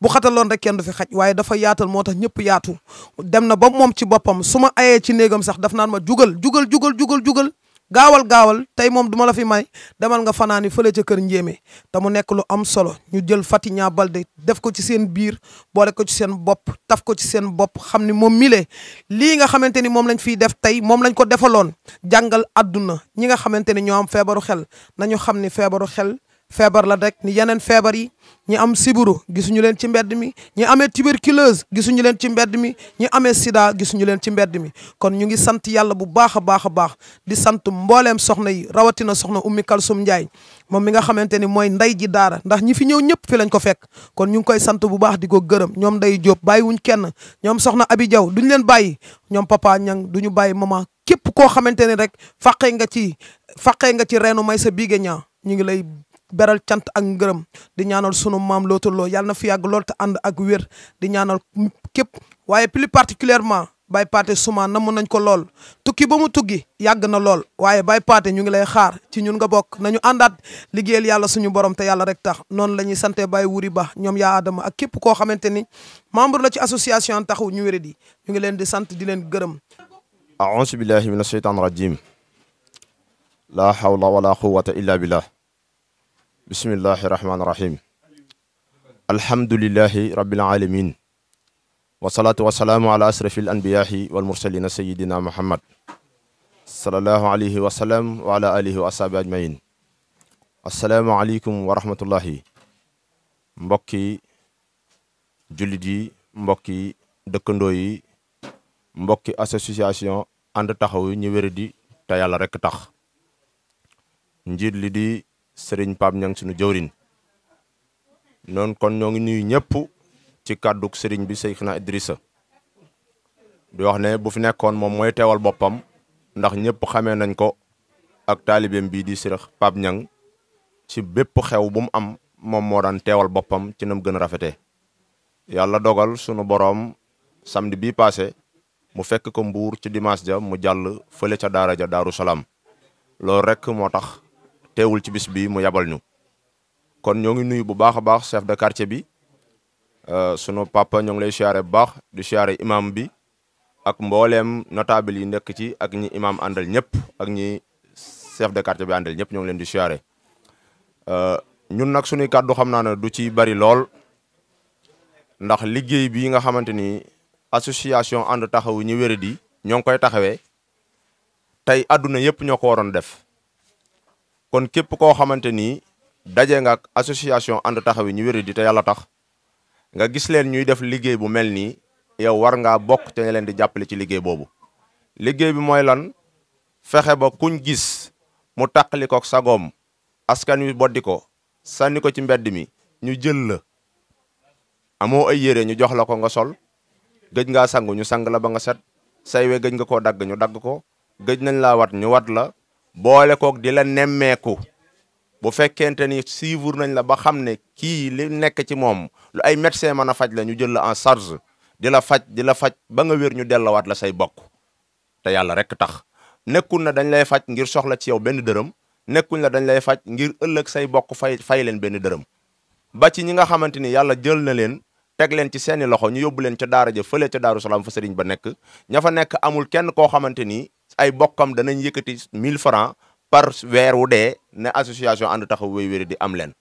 bu xataloon rek kenn du fi xaj waaye dafa yaatal moo tax ñëpp yaatu dem na ba moom ci boppam su ma ayee ci néegam sax daf naan ma jugal jugal jugal jugal jugal gaawal gaawal tey moom duma la fi may demal nga fanaani fële ca kër njéeme te nekk lu am solo ñu jël fati ñaabal Balde def ko ci seen biir boole ko ci seen bopp taf ko ci seen bopp xam ni moom mile lii nga xamante ni moom lañ fiy def tey moom lañ ko defaloon jàngal àdduna ñi nga xamante ni ñoo am feebaru xel nañu xam ni feebaru xel febar la rek ni yenen febar yi ñi am siburu gisunu len ci mbedd mi ñi amé tuberculose gisunu len ci mbedd mi ñi amé sida gisunu len ci mbedd mi kon ñu ngi sante yalla bu baaxa baaxa baax di sante mbollem soxna yi rawatina soxna Ummi Kalsum Njaay mom mi nga xamanteni ni nday ji daara ndax ñi fi ñew ñep fi lañ ko fekk kon ñu ngi koy sante bu baax di gëreem ñom nday job bayi wuñ kenn ñom soxna Abi Jaw duñ len bàyyi ñom papa ñang duñu bayi, mama kep ko xamanteni ni rek faqee nga ci faqee nga ci reenu may sa biige ngi lay beral cant ak ngeureum di ñaanal suñu maam lootaloo yalla na fi yag lool ta and ak wër di ñaanal kep waye plus particulièrement Baye Pathé Souma namu nañ ko lool tukki ba mu tukki yag na lool waye bay paté ñu ngi lay xaar ci ñun nga bok nañu andat liggéeyal yalla suñu borom te yalla rek tax non lañuy santé sante Wuri Ba ñom ya Adam. ak kep ko xamanteni ni membre la ci association taxu ñu wéré di ñu ngi leen di sant di leen gëreum a'udhu billahi minash shaitanir rajim la hawla wala quwwata illa billah بسم الله الرحمن الرحيم الحمد لله رب العالمين والصلاة والسلام على أشرف الأنبياء والمرسلين سيدنا محمد صلى الله عليه وسلم وعلى آله وأصحابه أجمعين السلام عليكم ورحمة الله مبكي جلدي مبكي دكندوي مبكي أسوسياسيون أند تاخو ني وردي تايالا رك تاخ نجيد لي دي sering pam Niang sunu non non kon nyepu ngi nuyu ñëpp ci kaddu sëriñ bi Seyxna Idrissa di wax ne bu fi nekkon mom moy tewal bopam ndax ñepp xamee nañ ko ak talibem bi di sëriñ pap ñang ci bepp xew bu mu am mom mo daan tewal bopam ci nam gëna yalla dogal sunu borom samedi bi passé mu fekk ko mbuur ci dimanche ja mu jall feulé ca daara ja daru salam lo rek motax teewul ci bis bi mu yabal ñu kon ñoo ngi nuyu bu baax a baax chef de quartier bi euh, sunu papa ñoo ngi lay siyaare bu baax di siyaare imam bi ak mbooleem notable yi nekk ci ak ñi imam àndal ñëpp ak ñi chef de quartier bi àndal ñëpp ñoo ngi leen di siyaare euh, ñun nag suñuy kàddu xam naa ne du ci bari lool ndax liggéey bi nga xamante ni association ànd taxawu ñi wéradi ñoo ngi koy taxawee tey àdduna yëpp ñoo ko waroon def kon képp koo xamante ni daje nga association ànd taxawi ñu wéri di te yàlla tax nga gis leen ñuy def liggéey bu mel nii yow war ngaa bokk te nga leen di jàppale ci liggéey boobu liggéey bi mooy lan fexe ba kuñ gis mu tàqali ko sagoom askan wi boddi ko sànni ko ci mbedd mi ñu jël la amoo ay yére ñu jox la ko nga sol gëj ngaa sangu ñu sang la ba nga set say we gëj nga koo dagg ñu dagg ko gëj nañ laa wat ñu wat la boole koog di la nemmeeku bu fekkente ni suivre nañ la ba xam ne kii li nekk ci moom lu ay médecin mën na faj la ñu jël la en charge di la faj di la faj ba nga wér ñu dellawaat la say bokk te yàlla rek tax nekkul na dañ lay faj ngir soxla ci yow benn dërëm nekkuñ la dañ lay faj ngir ëllëg say bokk fay fay leen benn dërëm ba ci ñi nga xamante ni yàlla jël na leen teg leen ci seeni loxo ñu yóbbu leen ca daara ja fële ca daaru fa sëriñ ba nekk ña fa nekk amul kenn koo xamante ni ay bokkam danañ yëkkati 1000 francs par weer wu dee ne association ànd taxaw way wéri di am leen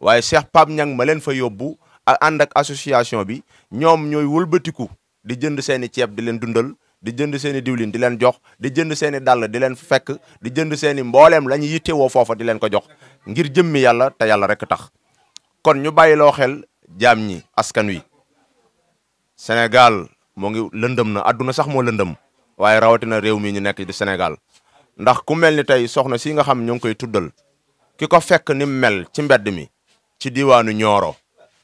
waaye Cheikh Pape ñang ma leen fa yóbbu ak ànd ak association bi ñoom ñooy wëlbatiku di jënd seeni ceeb di leen dundal di jënd seeni diwlin di leen jox di jënd seeni dàll di leen fekk di jënd seeni mbooleem la ñu yittewoo foofa di leen ko jox ngir jëmmi yàlla te yàlla rek tax kon ñu bàyyiloo xel jam ñi askan wi senegal moo ngi lëndëm na àdduna sax moo lëndëm waaye rawatina réew mi ñu nekk di Sénégal ndax ku mel ni tey soxna si nga xam ñu ngi koy tuddal ki ko fekk ni mel ci mbedd mi ci diwaanu Nioro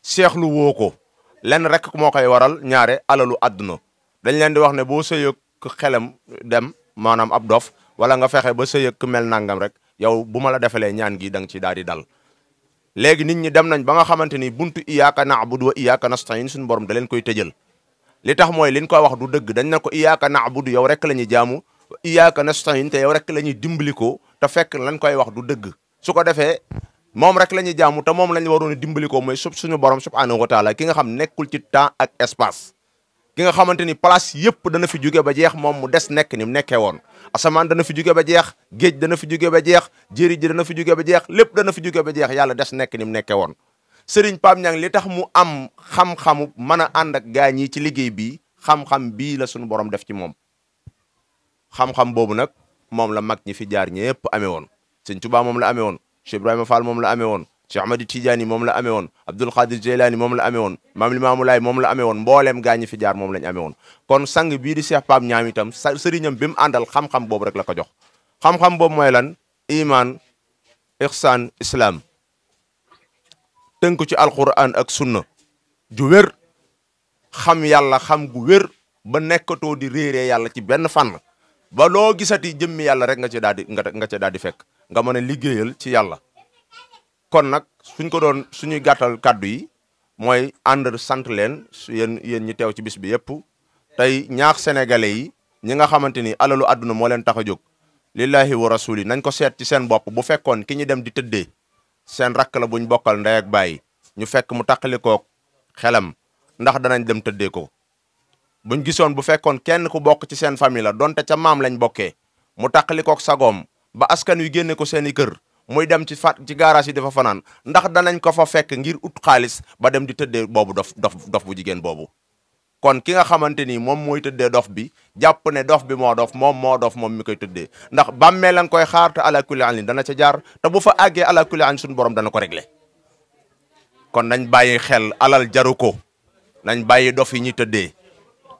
seexlu woo ko lenn rek moo koy waral ñaare alalu àdduna dañ leen di wax ne boo sëyeeg xelam dem maanaam ab dof wala nga fexe ba sëyeeg mel nangam rek yow bu ma la defalee ñaan gi da nga ci daal di dal. léegi nit ñi dem nañ ba nga xamante ni buntu iyyaka na'budu wa iyyaka nasta'in suñu borom da leen koy tëjël li tax moy liñ ko wax du deug dañ na iyyaka na'budu yow rek lañu jaamu iyyaka nastain te yow rek lañu dimbaliko ta fekk lañ koy wax du deug su ko defee moom rek lañu jaamu te mom lañ waroon dimbaliko moy sub suñu borom subhanahu wa taala ki nga xam nekkul ci temps ak espace ki nga xamanteni place yépp dana fi jóge ba jeex mom mu dess nek ni nekké won asaman dana fi jóge ba jeex geej dana fi ba jeex ji dana fi ba jeex lepp dana fi ba jeex yalla dess nek ni nekké won sëriñ Pape Niang li tax mu am xam-xamu mën a ànd ak gaañ yi ci liggéey bii xam-xam bii la suñu borom def ci moom xam-xam boobu nag moom la mag ñi fi jaar ñëpp amee woon sëñ Tuubaa mom la ame woon Cheikh Ibrahima Fall moom la amee woon Cheikh Ahmadi Tidiane moom la amee woon Abdul Qadir Jeylaani moom la amee woon Maam Limaamu Laay moom la amee woon mbooleem gaañ ñi fi jaar moom lañ amee woon kon sang bii di Cheikh Pape Niang itam sa sëriñam bi mu àndal xam-xam boobu rek la ko jox xam-xam boobu mooy lan iman ixsaan tënku ci alquran ak sunna ju wer xam yalla xam gu wer ba nekkato di réeree yalla ci ben fan ba lo gisati jëm yalla rek nga ci daldi di nga ci daldi fek nga mën liggéeyal ci yalla kon nak suñ ko doon suñu gattal kaddu yi moy ànd sant len yeen yeen ñi tew ci bis bi tay ñaax sénégalais yi ñi nga xamanteni alalu aduna mo len taxajuk lillahi wa rasuli nañ ko seet ci seen bop bu fekkon ki ñi dem di tëddee seen rakk la buñ bokkal ndey ak bàyyi ñu fekk mu taqalikook xelam ndax danañ dem tëddee ko buñ gisoon bu fekkoon kenn ku bokk ci seen famille la donte ca maam lañ bokkee mu taqalikook sagoom ba askan wi génne ko seeni kër muy dem ci fat ci garage yi fanaan ndax danañ ko fa fekk ngir ut xaalis ba dem di tëddee boobu dof dof dof bu jigéen boobu kon ki nga xamante ni moom mooy tëddee dof bi jàpp ne dof bi moo dof moom moo dof moom mi koy tëddee ndax bàmmee la koy xaar te ala kulli dana ca jaar te bu fa àggee ala kulli alin suñu borom dana ko réglé kon nañ bàyyi xel alal jaru ko nañ bàyyi dof yi ñuy tëddee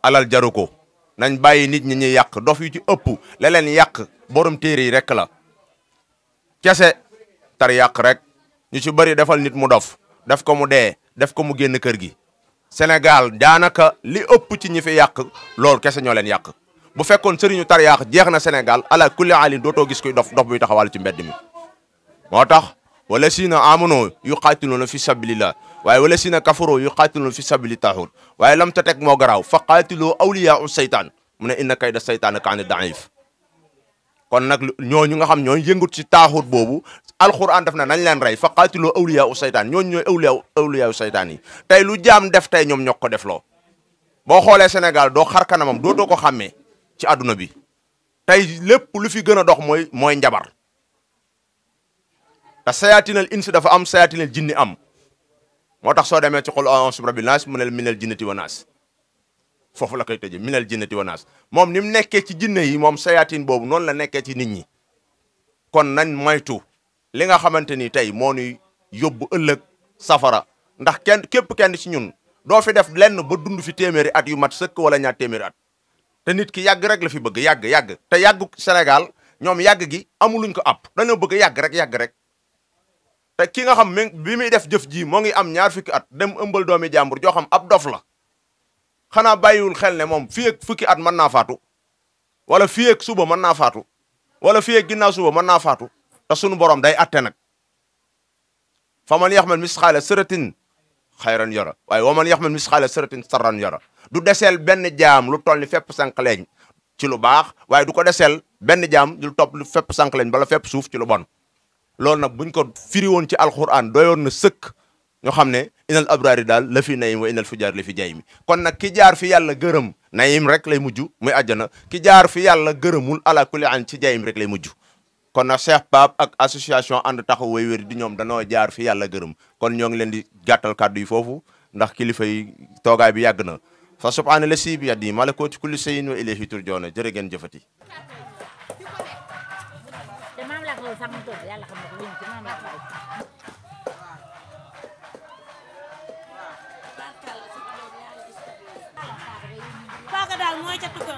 alal jaru ko nañ bàyyi nit ñi ñuy yàq dof yi ci ëpp leleen leen yàq borom téere yi rek la kese tar yàq rek ñu ci bëri defal nit mu dof def ko mu dee def ko mu génn kër gi Sénégal danaka li upp ci ñi fi yàq lool kessé ñoleen leen yàq bu fekkon sëriñu tar yàq jeex na Sénégal ala kulli ali doto gis koy dof dof bu taxawal ci mbedd mi motax wala sina amuno yu xaatiluna fi sabilillah waaye wala sina kafaroo yu fi sabili taaxut lam ta tek mo graw fa xaatiloo awliyaa u seytaan mu inna kayda daif kon nag ñooñu nga xam ñooñu yëngut ci taaxut boobu alxuraan daf na nañ leen rey fa qaatiloo awliyaa u saytaan ñooñu ñooy awliyaa awliyaa u saytaan yi tey lu jaam def tey ñoom ñoo ko def loo boo xoolee senegal doo xar kanamam dootoo ko xàmmee ci àdduna bi tey lépp lu fi gën a dox mooy mooy njabar te in si dafa am sayaatinal jinni am moo tax soo demee ci qul a'uuzu bi rabbil naas minal jinnati wa naas foofu la koy tëjee minal jinnati wanaas moom ni mu nekkee ci jinne yi moom sayaatin bobu noonu la nekkee ci nit ñi kon nañ moytu li nga xamante ni tey moo ñuy yóbbu ëllëg safara ndax kenn képp kenn ci ñun doo fi def lenn ba dund fi téeméeri at yu mat sëkk wala ñaar téeméeri at te nit ki yàgg rek la fi bëgg yàgg yàgg te yàggu Sénégal ñoom yàgg gi amuluñ ko app dañoo bëgg yàgg rek yàgg rek te ki nga xam mi bi muy def jëf ji moo ngi am ñaar fukki at dem ëmbal doomi jàmbur joo xam ab dof la xana bayiwul xel ne moom fii ak fukki at mën naa faatu wala fii ak suba mën naa faatu wala fii ak ginnaaw suba mën naa faatu te sunu borom day atte nag fa man yaxmal misxaala saratin xayran yara waaye wa man yaxmal misxaala saratin sarran yara du deseel benn jaam lu toll ni fépp sànq leeñ ci lu baax waaye du ko deseel benn jaam lu topp lu fépp sànq leeñ bala fépp suuf ci lu bon loolu nag buñ ko firi woon ci alxuraan doyoon na sëkk ñu xam ne inal abraari daal la fi nayim wa inal fujaar la fi jaay mi kon nag ki jaar fi yàlla gërëm nayim rek lay mujj muy àjjana ki jaar fi yàlla gërëmul ala kulli an ci jaayim rek lay mujj kon na Cheikh Pape ak association ànd taxawu way wér di ñoom danoo jaar fi yàlla gërëm kon ñoo ngi leen di gàttal kàddu yi foofu ndax kilifa yi toogaay bi yàgg na fa subhaana la si bi yaddi ci kulli sayin wa ilayhi turjoona jërë ngeen jëfati 살짝 또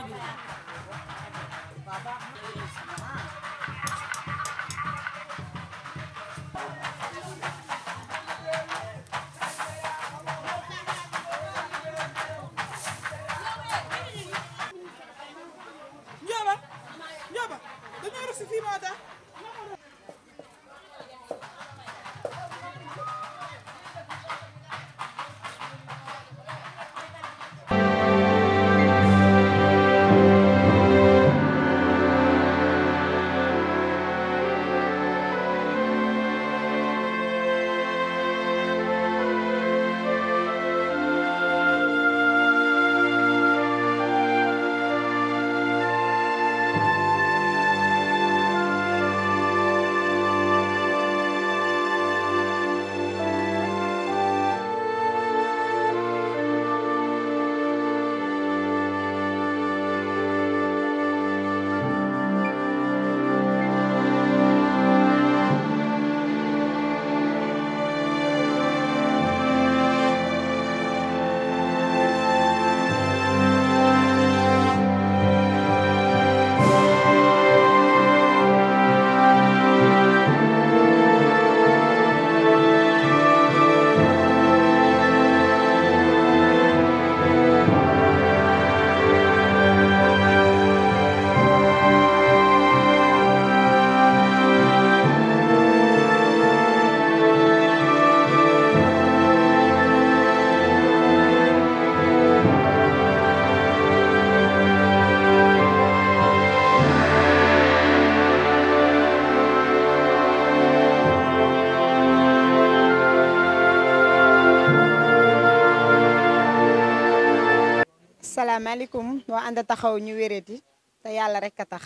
asalaamaaleykum waa ànd taxaw ñu wéreeti te yàlla rek a tax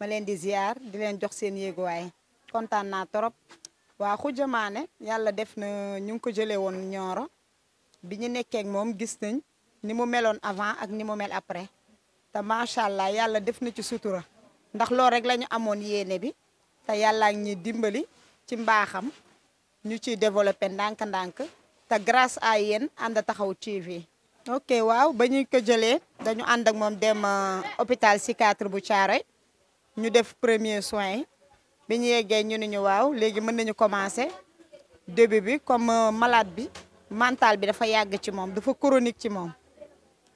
ma leen di ziar di leen jox seen yéeguwaay kontaan naa trop waa xu Mané yàlla def na ñu ngi ko jëlee woon Nioro bi ñu nekkee moom gis nañ ni mu meloon avant ak ni mu mel après te macha allah yàlla def na ci sutura ndax loolu rek lañu amoon yéene bi te yàlla ñi dimbali ci mbaaxam ñu ci développé ndànk-ndànk te grâce a yéen ànd taxaw TV. ok waaw ba ñuy ko jëlee dañu ànd ak moom dem euh, hôpital quatre bu Thiaroye ñu def premier soin yi bi ñu yeggee ñu ne ñu waaw léegi mën nañu commencer début bi comme euh, malade bi mantal bi dafa yàgg ci moom dafa chronique ci moom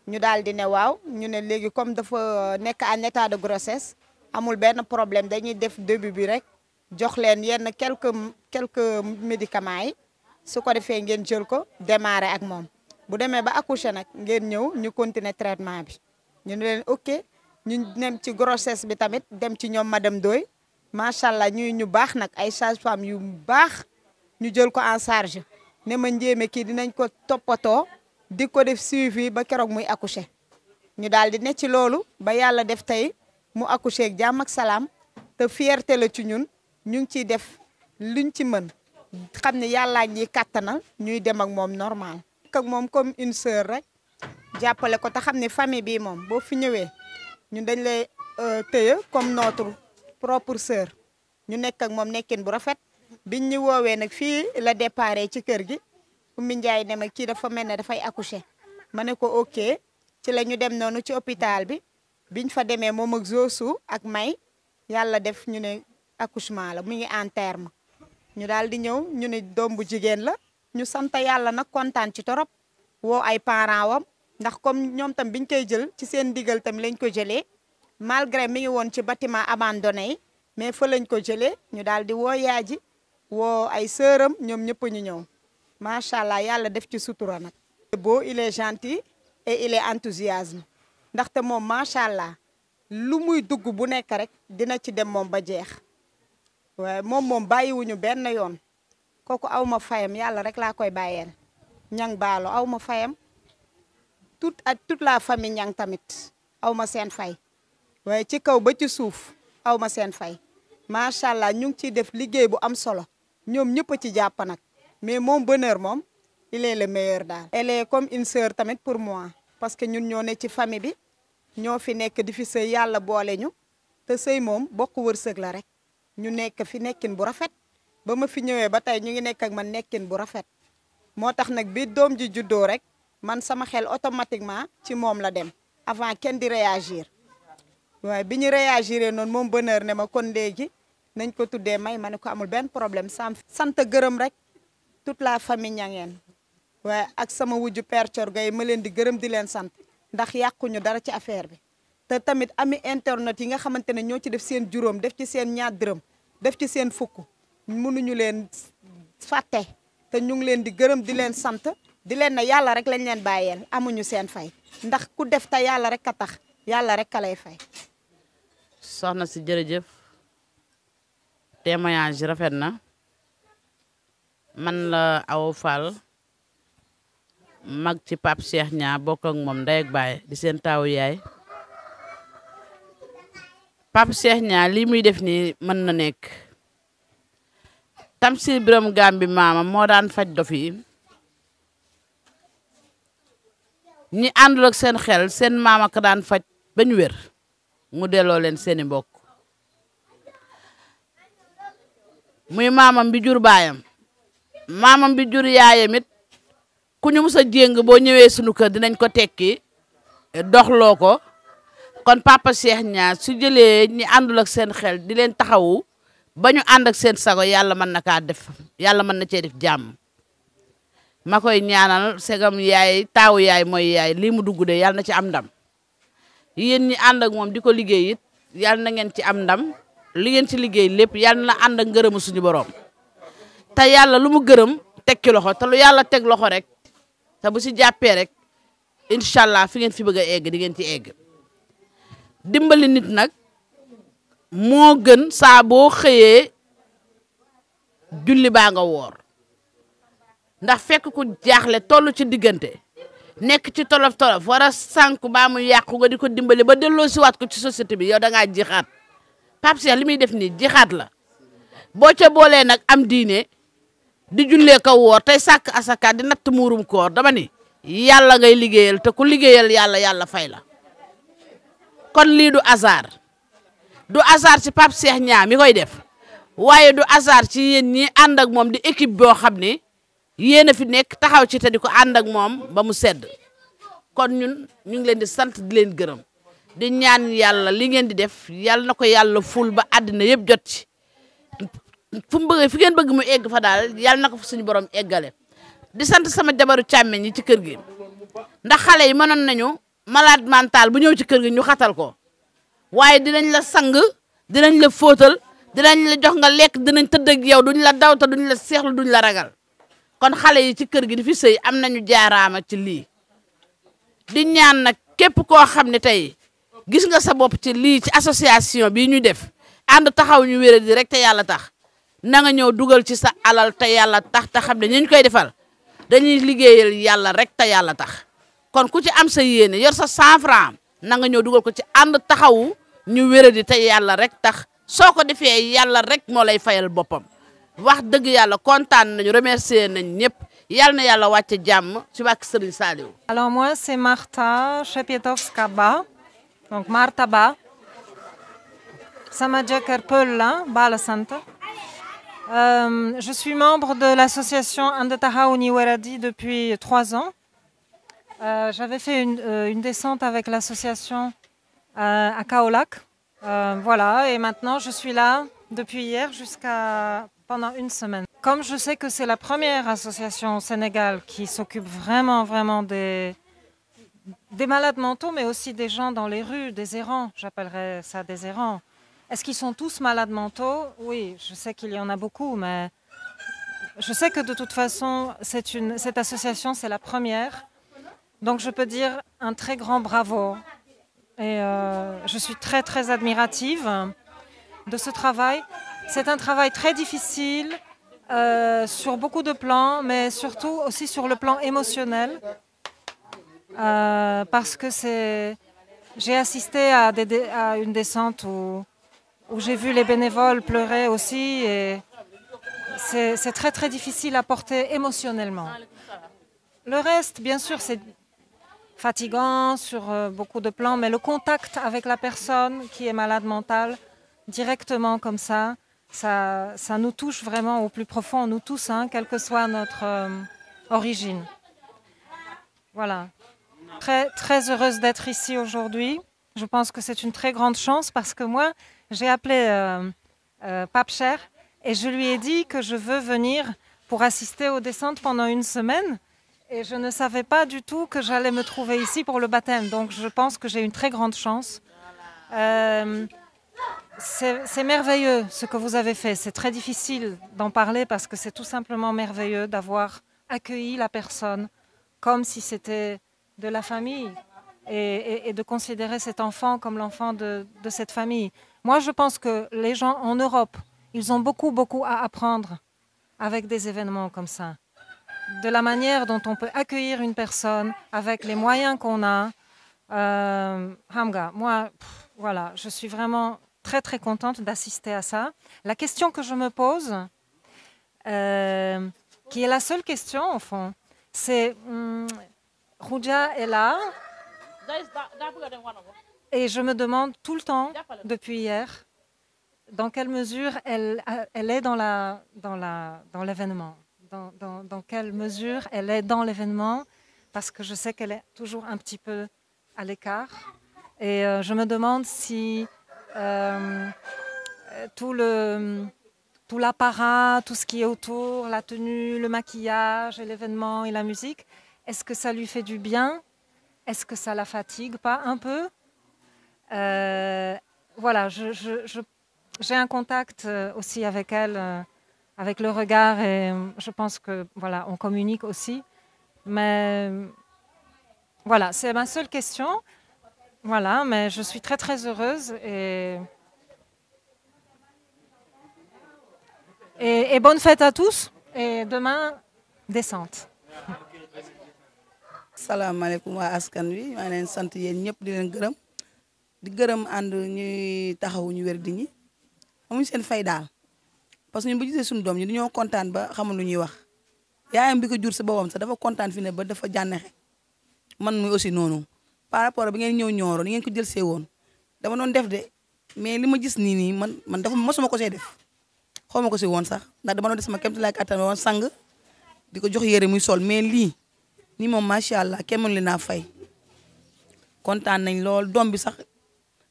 ñu daal di ne waaw ñu ne léegi comme dafa euh, nekk en état de grossesse amul benn problème dañuy def début bi rek jox leen yenn quelques quelques médicaments yi su ko defee ngeen jël ko démarrer ak moom. bu demee ba accoucher nag ngeen ñëw ñu continuer traitement bi ñu ne leen ok ñu dem ci grossesse bi tamit dem ci ñoom ma dem Doy macha allah ñuy ñu baax nag ay sages-femmes yu baax ñu jël ko en charge ne ma njéeme kii dinañ ko toppatoo di ko def suivi ba keroog muy accoucher ñu daal di ne ci loolu ba yàlla def tey mu accoucher ak jàmm ak salaam te fierté la ci ñun ñu ngi ciy def luñ ci mën xam ne yàlla ñuy kàttanal ñuy dem ak moom normal. nekk ak moom comme une seur rek jàppale ko te xam ne famille bii moom boo fi ñëwee ñun dañ lay euh, téye comme notre propre sœur ñu nekk ak moom nekkin bu rafet biñ ñu woowee nag fii la déparé ci kër gi Oumy Ndiaye ne ma kii dafa mel ne dafay accoucher ma ne ko ok ci la ñu dem noonu ci hôpital bi bi biñ fa demee moom ak Zosu ak May yàlla def ñu ne accouchement la mu ngi en terme ñu daal di ñëw ñu ne doom bu jigéen la ñu sant yàlla nag kontaan ci torop woo ay parents wam ndax comme ñoom bi biñ koy jël ci seen digal tam lañ ko jëlee malgré mi ngi woon ci bâtiment abandonné mais fa lañ ko jëlee ñu daal di woo yaay ji woo ay sëram ñoom ñëpp ñu ñëw macha allah yàlla def ci sutura nag. il est beau il est gentil et il est ndaxte moom macha allah lu muy dugg bu nekk rek dina ci dem moom ba jeex waaye moom moom bàyyiwuñu benn yoon. kooku aw ma fayam yàlla rek laa koy bàyyeel ñang baalo aw ma fayam tout ak toute la famille ñang tamit aw ma seen fay waaye ci kaw ba ci suuf aw ma seen fay macha allah ñu ngi ciy def liggéey bu am solo ñoom ñëpp a ci jàpp nag mais moom bonheur moom il est le meilleur daal. elle comme une sœur tamit pour moi parce que ñun ñoo ne ci famille bi ñoo fi nekk di fi sëy yàlla boole ñu te sëy moom bokk wërsëg la rek ñu nekk fi nekkin bu rafet. ba ma fi ñëwee ba tey ñu ngi nekk ak man nekkin bu rafet moo tax nag bi doom ji juddoo rek man sama xel automatiquement ci moom la dem avant kenn di réagir waaye bi ñu réagiré noonu moom bonheur ne ma kon léegi nañ ko tudde may ma ne ko amul benn problème sam sant gërëm rek tout la famille ñangeen waaye ak sama wujju Père Thior ma leen di gërëm di leen sant ndax yàquñu dara ci affaire bi te tamit ami internet yi nga xamante ne ñoo ci def seen juróom def ci seen ñaar dërëm def ci seen fukk mënuñu leen fàtte te ñu ngi leen di gërëm di leen sant di leen ne yàlla rek lañ leen bàyyeel amuñu seen fay ndax ku def te yàlla rek a tax yàlla rek a lay fay. soxna si jërëjëf témoignage rafet na man la Awa Fall mag ci Pape Cheikh ñaa bokk ak moom ndey ak baay di seen taawu yaay. Pape Cheikh ñaa lii muy def nii mën na nekk. tamsi Birom Gambi mama, mo daan faj dof yi ñi andul ak seen xel seen mama ka daan faj bañ wér mu delo len seeni mbokk muy maamam bi jur bayam mama bi jur yaayam it ku ñu musa jeng bo ñewé suñu kër dinañ ko tekki doxlo ko kon papa Cheikh nya su jëlee ñi andul ak seen xel di len taxawu ba ñu ànd ak seen sago yàlla mën na kaa def yàlla mën na cee def jàmm ma koy ñaanal segam yaay taawu yaay mooy yaay lii mu dugg de yàlla na ci am ndam yéen ni ànd moom di ko liggéey it na ngeen ci am ndam li ngeen liggéey lépp yàlla na ànd ak ngërëmu suñu borom te yàlla lu mu gërëm teg ci loxo te lu yàlla teg loxo rek te bu si jàppee rek incha allah fi ngeen fi bëgg a egg di ngeen ci egg dimbali nit nag moo gën saa boo xëyee julli baa nga woor ndax fekk ku jaaxle toll ci diggante nekk ci tolof tolof war a baa mu yàqu nga di ko dimbali ba delloo siwaat ko ci société bi yow da ngaa jixaat Pape Cheikh li muy def nii jixaat la boo ca boolee nag am diine di jullee ko woor tey sàkk asaka di natt muurum koor dama ni yàlla ngay liggéeyal te ku liggéeyal yàlla yàlla fay la kon lii du hasard du hasard ci Pape Cheikh Niang mi koy def waaye du hasard ci yéen ñi ànd ak moom di équipe boo xam ne yéen a fi nekk taxaw ci te di ko ànd ak moom ba mu sedd kon ñun ñu ngi leen di sant di leen gërëm di ñaan yàlla li ngeen di def yàlla na ko yàlla ful ba àddina yëpp jot ci fu mu bëggee fi ngeen bëgg mu egg fa daal yàlla na ko fa suñu borom eggale di sant sama jabar càmmeñ ñi ci kër gi ndax xale yi mënoon nañu malade mental bu ñëw ci kër gi ñu xatal ko waaye dinañ la sang dinañ la fóotal dinañ la jox nga lekk dinañ tëdd ak yow duñ la daw te duñ la seexlu duñ la ragal kon xale yi ci kër gi di fi sëy am nañu jaaraama ci lii di ñaan nag képp koo xam ne tey gis nga sa bopp ci lii ci association bii ñu def ànd taxaw ñu wéré di rek te yàlla tax na nga ñëw dugal ci sa alal te yàlla tax te xam ne ñu koy defal dañuy liggéeyal yàlla rek te yàlla tax kon ku ci am sa yéene yor sa 100 francs nanga nga ñëw dugal ko ci and taxawu ñu wéradi te yàlla rek tax soo ko defee yàlla rek moo lay fayal boppam wax dëgg yàlla kontaan nañu remercier nañ ñëpp yàlla na yàlla wàcce jàmm ci wàkk Serigne Saliou. alors moi c'est Martha Chepietowska Ba donc Martha Ba sama jëkkër Pël la Ba la sant. Euh, je suis membre de l'association And Taxawu Wéradi depuis trois ans. Euh, j'avais fait euh, une, descente avec l'association euh, à Kaolac. voilà, et maintenant je suis là depuis hier jusqu'à pendant une semaine. Comme je sais que c'est la première association au Sénégal qui s'occupe vraiment, vraiment des, malades mentaux, mais aussi des gens dans les rues, des errants, j'appellerais ça des errants. Est-ce qu'ils sont tous malades mentaux Oui, je sais qu'il y en a beaucoup, mais je sais que de toute façon, cette association, c'est la première. Donc je peux dire un très grand bravo. Et euh, je suis très très admirative de ce travail. C'est un travail très difficile euh, sur beaucoup de plans, mais surtout aussi sur le plan émotionnel, euh, parce que c'est j'ai assisté à, une descente où, où j'ai vu les bénévoles pleurer aussi, et c'est très très difficile à porter émotionnellement. Le reste, bien sûr, c'est fatigant sur euh, beaucoup de plans, mais le contact avec la personne qui est malade mentale, directement comme ça, ça, ça nous touche vraiment au plus profond, nous tous, hein, quelle que soit notre euh, origine. Voilà. Très, très heureuse d'être ici aujourd'hui. Je pense que c'est une très grande chance parce que moi, j'ai appelé euh, Pape Cher et je lui ai dit que je veux venir pour assister aux descentes pendant une semaine. Et je ne savais pas du tout que j'allais me trouver ici pour le baptême. Donc je pense que j'ai une très grande chance. Euh, c'est merveilleux ce que vous avez fait. C'est très difficile d'en parler parce que c'est tout simplement merveilleux d'avoir accueilli la personne comme si c'était de la famille et, de considérer cet enfant comme l'enfant de cette famille. Moi, je pense que les gens en Europe, ils ont beaucoup, beaucoup à apprendre avec des événements comme ça de la manière dont on peut accueillir une personne avec les moyens qu'on a. Euh, Hamga, moi, voilà, je suis vraiment très très contente d'assister à ça. La question que je me pose, euh, qui est la seule question au fond, c'est hum, est là et je me demande tout le temps depuis hier dans quelle mesure elle, elle est dans l'événement. La, dans la, dans dans, quelle mesure elle est dans l'événement, parce que je sais qu'elle est toujours un petit peu à l'écart. Et euh, je me demande si euh, tout le tout l'apparat, tout ce qui est autour, la tenue, le maquillage, l'événement et la musique, est-ce que ça lui fait du bien Est-ce que ça la fatigue pas un peu euh, Voilà, j'ai je, un contact aussi avec elle avec le regard. Et euh, je pense que voilà, on communique aussi. Mais voilà, c'est ma seule question. Voilà, mais je suis très très heureuse et, et, et bonne fête à tous et demain descente. [LAUGHS] Salam alaikum askan wi maa leen sant yéen ñëpp di len gërëm di gërëm and ñuy taxawu ñu wér di ñi amuñ seen fay parce que ñun bu gisee suñu doom ñi dañoo kontaan ba xamul lu ñuy wax yaayam bi ko jur sa boppam sax dafa kontaan fi ne ba dafa jànnexe man muy aussi noonu par rapport bi ngeen ñëw ñooro ni ngeen ko jël woon dama doon def de mais li ma gis nii nii man man dafa mosuma ko see def xaw ma ko si woon sax ndax dama doon def sama kéemtalaay kattan woon sang di ko jox yére muy sol mais lii nii moom macha allah kenn mënu leen a fay kontaan nañ lool doom bi sax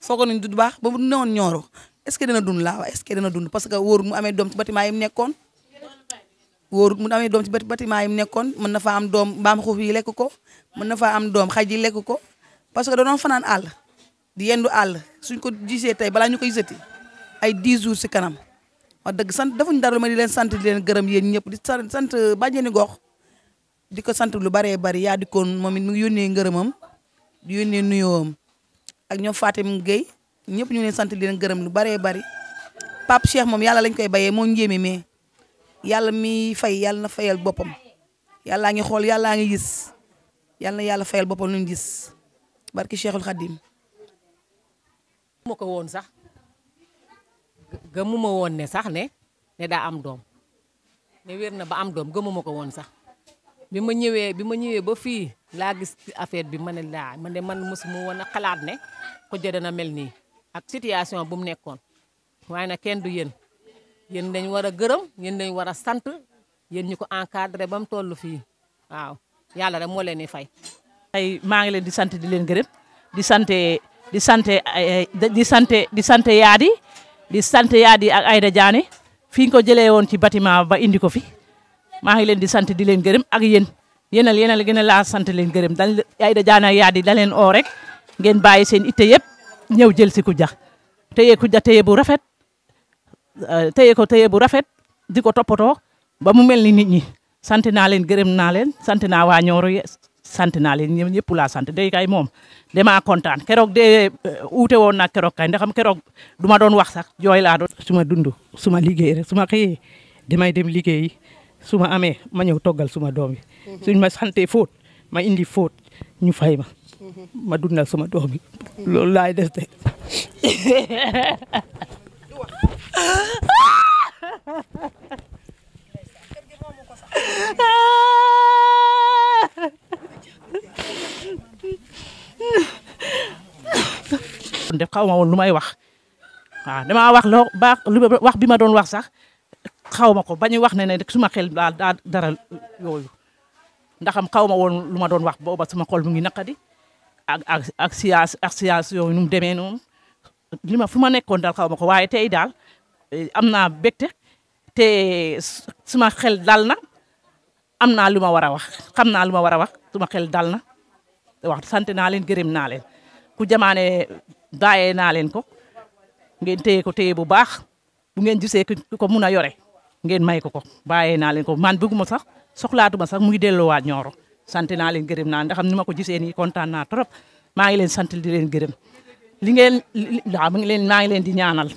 foogoon nañ du baax ba mu newoon ñooro est-ce que dund laa wax est-ce que dana dund parce que wóorut mu amee doom ci bâtiment yi mu nekkoon wóorut mu amee doom ci bâtiment yi mu nekkoon mën na faa am doom mbaam xuuf yi lekk ko mën na faa am doom xaj yi lekk ko parce que danoon fanaan àll di yendu àll suñ ko gisee tey balaa ñu ko gisati ay 10 jours si kanam wax dëgg sant defuñ dara ma di leen sant di leen gërëm yéen ñëpp di sant sant bàjjeni gox di ko sant lu baree bari yaa di dikkoon moom it mu ngi yónnee ngërëmam di yónnee nuyoowam ak ñoom Fatim Gueye ñëpp ñu leen sant leen gërëm lu baree bari Pape Cheikh moom yàlla lañ koy bayee moo njéeme mee yàlla mii fay yàlla na fayal boppam yàllaa ngi xool yàllaa ngi gis yàlla na yàlla fayal boppam luñ gis barki Cheikhul Khadim. gëmuma ko woon sax gëmuma woon ne sax ne ne daa am doom ne wér na ba am doom gëmuma ko woon sax bi ma ñëwee bi ma ñëwee ba fii laa gis affaire bi ma ne laa man de man mosuma woon a xalaat ne ko na mel nii. ak situation bu mu nekkoon waaye nag kenn du yéen yéen dañ war a gërëm yéen dañ war a sant yéen ñu ko encadré ba mu toll fii waaw yàlla rek moo leen di fay. ay maa ngi leen di sant di leen gërëm di sante di sant eh, di sant di sant yaadi di sante yaadi ak Aïda Diané fi ko jëlee woon ci bâtiment ba indi ko fi maa ngi leen di sant di leen gërëm ak yéen yéenal yéenal gën a laa sant leen gërëm dañ Aïda Diané ak yaadi da leen oo rek ngeen bàyyi seen itte yëpp. ñëw jël si Koudia téye Koudia téye bu rafet euh, téye ko téye bu rafet di ko toppatoo ba mu mel ni nit ñi sant naa leen gërëm naa leen sant naa waa Nioro sant naa leen ñëpp laa sant day kay moom damaa kontaan keroog de euh, uute woon na keroog kay ndax keroog duma doon wax sax jooy laa doon. su ma dund su ma liggéey rek su ma xëyee damay dem liggéeyi su ma amee ma ñëw toggal suma ma doom yi mhm. suñ ma sante fóot ma indi foot ñu fay ma ma dundal sama doom bi loolu laay def de. def xaw ma woon lu may wax waaw damaa wax loo baax lu wax bi ma doon wax sax xaw ma ko bañu wax ne ne suma xel daal dara yooyu ndaxam kaw ma woon lu ma doon wax booba suma xol mu ngi naqadi ak ak ak siyaas ak demee noonu li ma fu ma nekkoon daal xaw ma ko waaye tey daal eh, am naa bégte te suma xel dal na am naa lu ma war a wax xam naa lu ma war a wax suma xel dal na wax sant naa leen gërëm naa ku jamaane daayee naa leen ko ngeen téye ko téye bu baax bu ngeen gisee ku ko mun a yore ngeen may ko ko bàyyee naa leen ko man bëgguma sax soxlaatuma sax muy delloowaat ñooro sant naa leen gërëm naa ndax xam ni ma ko gisee nii kontaan naa trop maa ngi leen sant di leen gërëm li ngeen waaw mi ngi leen maa ngi leen di ñaanal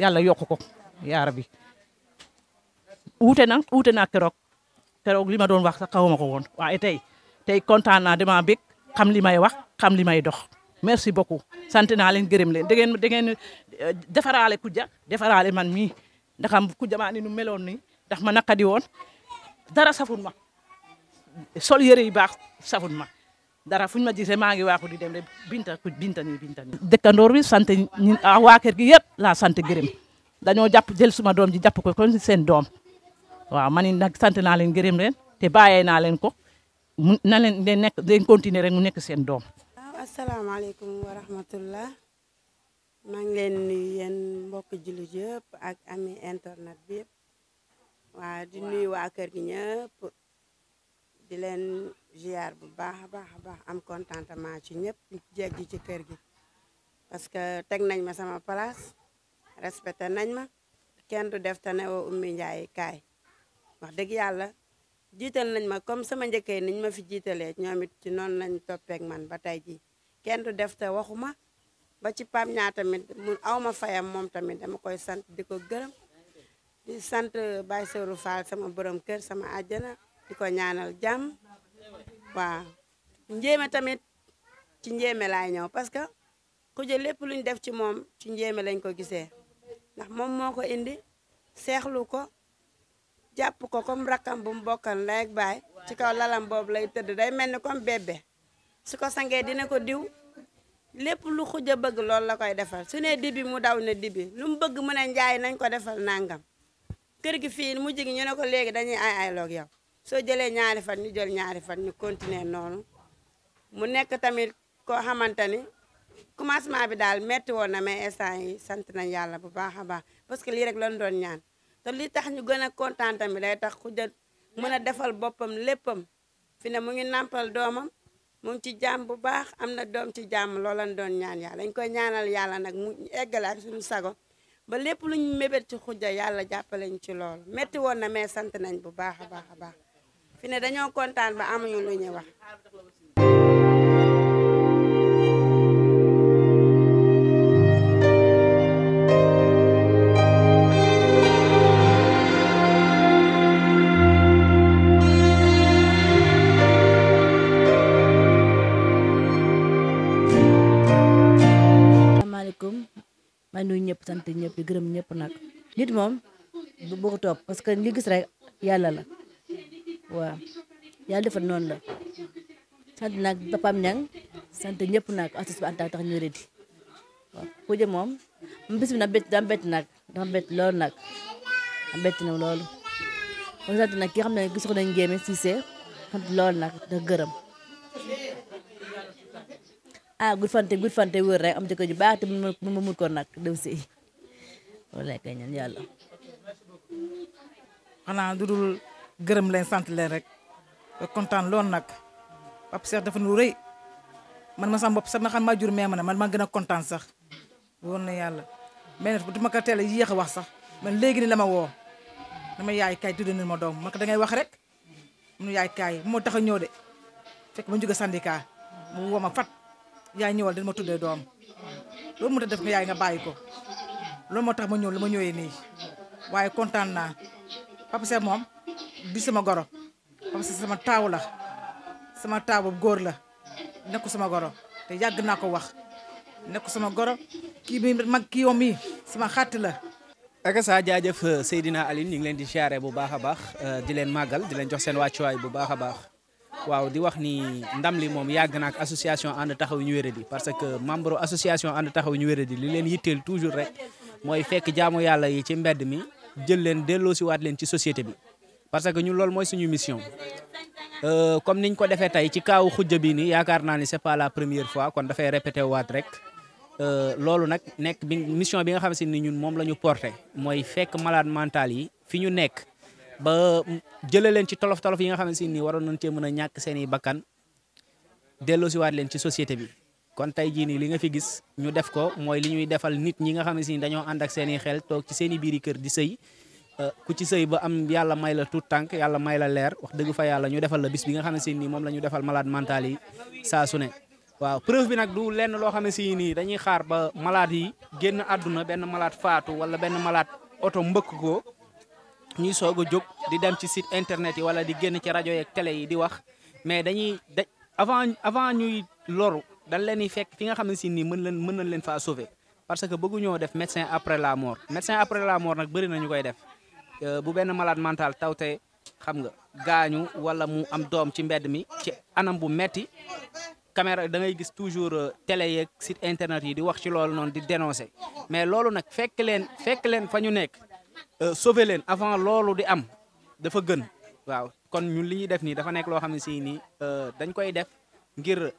yàlla yokk ko yaara bi uute na uute na keroog keroog li ma doon wax sax xawma ko woon waaye tey tey kontaan naa damaa bég xam li may wax xam li may dox merci beaucoup sant naa leen gërëm leen da ngeen da ngeen defaraale Koudia defaraale man mi ndax am Koudia ni nu meloon nii ndax ma naqadi woon dara safun ma sol yere yu baax safut ma dara fuñ ma gisee ma ngi waxu di dem rek binta ku binta ni binta ni dëkkandoor bi sant ñun ah, wa kër gi yépp la sante gërem dañoo japp jël suma dom ji japp ko kon sen dom wa man nak sante na leen gërem leen te bayé na leen ko na leen de nek de continuer rek mu nek sen dom assalamu alaykum wa rahmatullah ma ngi leen nuyu yeen mbokk jullit jëpp ak ami internet bi waa di nuyu wa kër gi ñëpp. di leen ziar bu baax a baax a baax am contentement ci ñëpp jeeg ji ci kër gi parce que teg nañ ma sama place respecté nañ ma kenn du def te ne woo ummi njaay kaay wax dëgg yàlla jiital nañ ma comme sama njëkkee niñ ma fi jiitalee ñoom it ci noonu lañ toppeek man ba tey jii kenn du def te waxuma ba ci pam ñaa tamit mu aw ma fayam moom tamit dama koy sant di ko gërëm di sant Baye Sëru sama borom kër sama àjjana di ko ñaanal jàmm waaw njéeme tamit ci njéeme laay ñëw parce que ku jël lépp lu ñu def ci moom ci njéeme lañ ko gisee ndax moom moo ko indi seexlu ko jàpp ko comme rakkam bu mu bokkal ndey ak ci kaw lalam boobu lay tëdd day mel ni comme bébé su ko sangee dina ko diw lépp lu xuj a bëgg loolu la koy defal su nee dibi mu daw ne dibi lu mu bëgg mu ne njaay nañ ko defal nangam kër gi fii mu jigi ñu ne ko léegi dañuy ay ay loog yow soo jëlee ñaari fan ñu jël ñaari fan ñu continuer noonu mu nekk tamit koo xamante ni commencement bi daal metti woon na mais instant yi sant nañ yàlla bu baax a baax parce que lii rek lañ doon ñaan te li tax ñu gën a kontaan tamit day tax ku jël mën a defal boppam léppam fi ne mu ngi nàmpal doomam mu ngi ci jàmm bu baax am na doom ci jàmm loolu lañ doon ñaan yàlla dañ koy ñaanal yàlla nag mu eggale ak suñu sago ba lépp lu ñu mébét ci xujja yàlla jàppale ñu ci lool metti woon na mais sant nañ bu baax a baax a baax fi ne dañoo kontaan ba amuñu lu ñu wax. maa ñëpp sant ñëpp gërëm ñëpp nag nit moom du bëgg topp parce que li gis rek yàlla la waaw yàlla defal noonu la sant nag Pape Niang sant ñëpp nag artiste bi àntaak tax ñu rëdd waaw Kodjo moom bis bi nag bett daa bett nag dafa bett loolu nag am na loolu kon sant nag ki xam ne gis ko nañ Ndiémé Cissé sant loolu nag da gërëm ah gudd fante gudd fante wër am jëkkër ju baax te mu mu mën ko si wala kay ñaan yàlla xanaa gërëm leen sant leen rek kontaan loolu nag Pape Cheikh dafa nu rëy man ma sama bopp sax ma xam ma jur mee ma ne man maa gën a kontaan sax woon na yàlla mais nag du ma ko teel a yéex a wax sax man léegi ni la ma woo dama yaay kaay tudd na ma doom ma ko da wax rek mu yaay kaay moo tax a ñëw de fekk ma jóge sandika mu woo ma fat yaay ñëwal dina ma tuddee doom loolu moo tax def nga yaay nga bàyyi ko loolu moo tax ma ñëw la ma ñëwee nii waaye kontaan naa Pape Cheikh bi sama goro parce sama taaw la sama taaw bu góor la nekku sama goro te yàgg naa ko wax nekku sama goro kii bi mag kii yoom yi sama xat la ak sa jaajëf euh, Seydina Aline ñu ngi leen di siyaare bu baax a baax euh, di leen màggal di leen jox seen wàccuwaay bu baax a baax waaw di wax ni ndam li moom yàgg na ak association ànd taxaw ñu wéradi parce que membre association ànd taxaw ñu di li leen yitteel toujours rek mooy fekk jaamu yàlla yi ci mbedd mi jël leen delloo leen ci société bi parce que ñun loolu mooy suñu mission euh, comme niñ ko defee tey ci kaaw xujja bi nii yaakaar naa ni c'est pas la première fois kon dafay répété waat rek euh, loolu nag nekk bi mission bi nga xam ni ñun moom la ñu porté fekk malade mental yi fi ñu nekk ba jëlee leen ci tolof tolof yi nga xam ne si nii waroon nañ cee mën a ñàkk seen i bakkan delloosiwaat leen ci société bi kon li nga fi gis ñu def ko li ñuy defal nit ñi nga xam ne si dañoo ànd ak seen i xel toog ci biiri kër di ku ci sey ba am yalla may la tout tank yalla may la leer wax deug fa yalla ñu defal la bis bi nga xam ni mom lañu defal malade mental yi sa su ne waaw preuve bi nak du lenn lo ni dañuy xaar ba malade yi genn aduna benn malade faatu wala benn malade auto mbeuk ko ñuy sogo jog di dem ci site internet yi wala di genn ci radio yeeg télé yi di wax mais dañuy avant avant ñuy loru dañ leen ni fekk fi nga xam ni mën leen mën nañ leen fa sauver parce que ñoo def médecin après la mort médecin après la mort nak bari koy def Euh, bu benn malade taw tawte xam nga gaañu wala mu am doom ci mbedd mi ci anam bu metti caméra da ngay gis toujours euh, télé yeeg site internet yi di wax ci loolu noonu di dénoncer mais loolu nag fekk leen fekk leen fa ñu nekk euh, sauver leen avant loolu di am dafa gën waaw kon ñun li ñuy def nii dafa nekk loo xam ne si nii dañ koy def ngir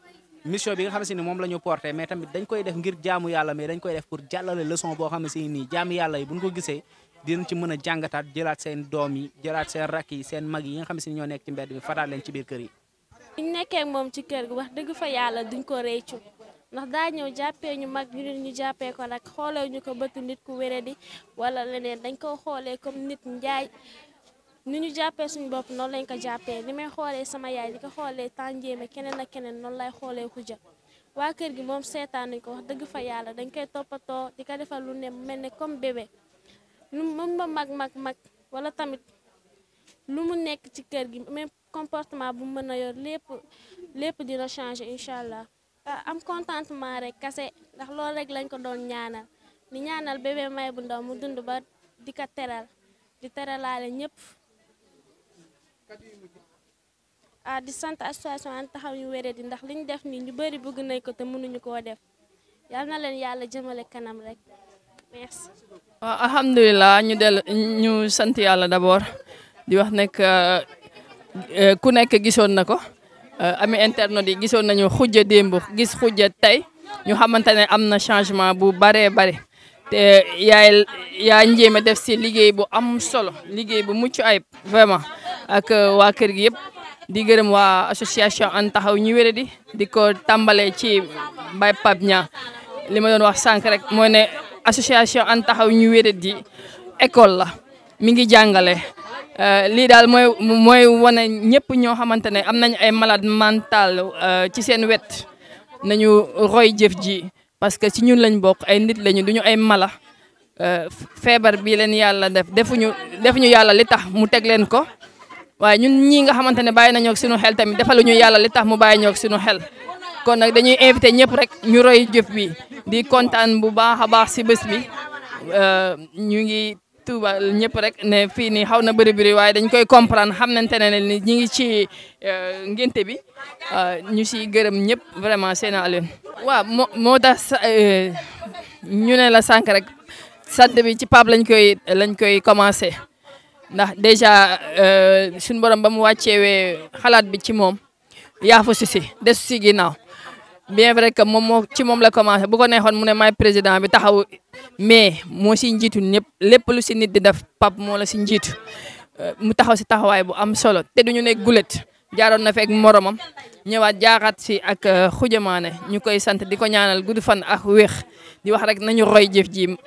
mission bi nga xam ne si ni moom la ñu porté mais tamit dañ koy def ngir jaamu yàlla mais dañ koy def pour jàllale leçon boo xam ne si nii jaamu yàlla yi buñ ko gisee dinañ ci mën a jàngataat jëlaat seen doom yi jëlaat seen rakk yi seen mag yi nga xam si ñoo nekk ci mbedd bi fataat leen ci biir kër yi. ñu nekkee moom ci kër gi wax dëgg fa yàlla duñ ko réccu ndax daa ñëw jàppee ñu mag ñu ne ñu jàppee ko nag xoolee ñu ko bëtt nit ku wéré di wala leneen dañ ko xoolee comme nit njaay ni ñu jàppee suñu bopp noonu lañ ko jàppee ni may xoolee sama yaay di ko xoolee tànjéeme keneen ak keneen noonu lay xoolee ku ja waa kër gi moom seetaan nañ ko wax dëgg fa yàlla dañ koy toppatoo di ko defal lu ne mel ne comme bébé lu mën mag mag mag wala tamit lu mu nekk ci kër gi même comportement bu mën a yor lépp lépp dina changer incha allah ah, am contentement rek kase ndax loo rek lañ ko doon ñaanal di ñaanal bébé may bu ndaw mu dund ba di ko teral di teralaale ñëpp ah di sant association an taxaw ñu wéré di ndax liñ def nii ñu bari bëgg nañ ko te mënuñu koo def yal na leen yàlla jëmale kanam rek Ah, merci. waaw ñu dell ñu sant yàlla d'abord di wax nekk euh, ku nekk gisoon na ko euh, ami internet yi gisoon nañu xujja démb gis xujja tey ñu xamante ne am na changement bu baree bare te yaay yaa njéem a def si liggéey bu am solo liggéey bu mucc ayib vraiment ak euh, waa kër gi yëpp di gërëm waa association an taxaw ñu wéré di di ko tàmbalee ci Baye Pape Niang li ma doon wax sànq rek moo ne association an taxaw ñu wéret yi école la mi ngi jàngale euh, lii daal mooy mooy wane ñëpp ñoo xamante ne am nañu ay malade mental euh, ci seen wet nañu roy jëf ji parce que ci ñun lañu bokk ay nit lañu duñu ay mala euh, feebar bi leen yàlla def defuñu defuñu yàlla li tax mu teg leen ko waaye ñun ñii nga xamante ne bàyyi nañoo ak sunu xel tamit ñu yàlla li tax mu bàyyi ñoo ak sunu xel kon nag dañuy invité ñëpp rek ñu roy jëf bi di kontaan bu baax a baax si bés bi euh, ñu ngi tuubal ñëpp rek ne fii nii xaw na bëri bëri waaye dañ koy comprendre xam nañu ne ñu ngi ci euh, ngénte bi euh, ñu si gërëm ñëpp vraiment seen aleen waaw moo moo tax ñu ne la sànq rek sant bi ci Pape lañ koy lañ koy commencé ndax dèjà suñu borom ba mu wàcceewee xalaat bi ci moom yaa fa susi desu si ginnaaw bien vrai que moom moo ci moom la commencé bu ko neexoon mu ne maay président bi taxaw mais moo si njiitu ñëpp lépp lu si nit di def pap moo la si njiitu euh, mu taxaw si taxawaay bu am solo te du duñu ne gulet jaaroon na fekk moromam ñëwaat jaaxaat si ak xujamaane euh, ñu koy sant di ko ñaanal gudd fan ak wéex di wax rek nañu roy jëf ji.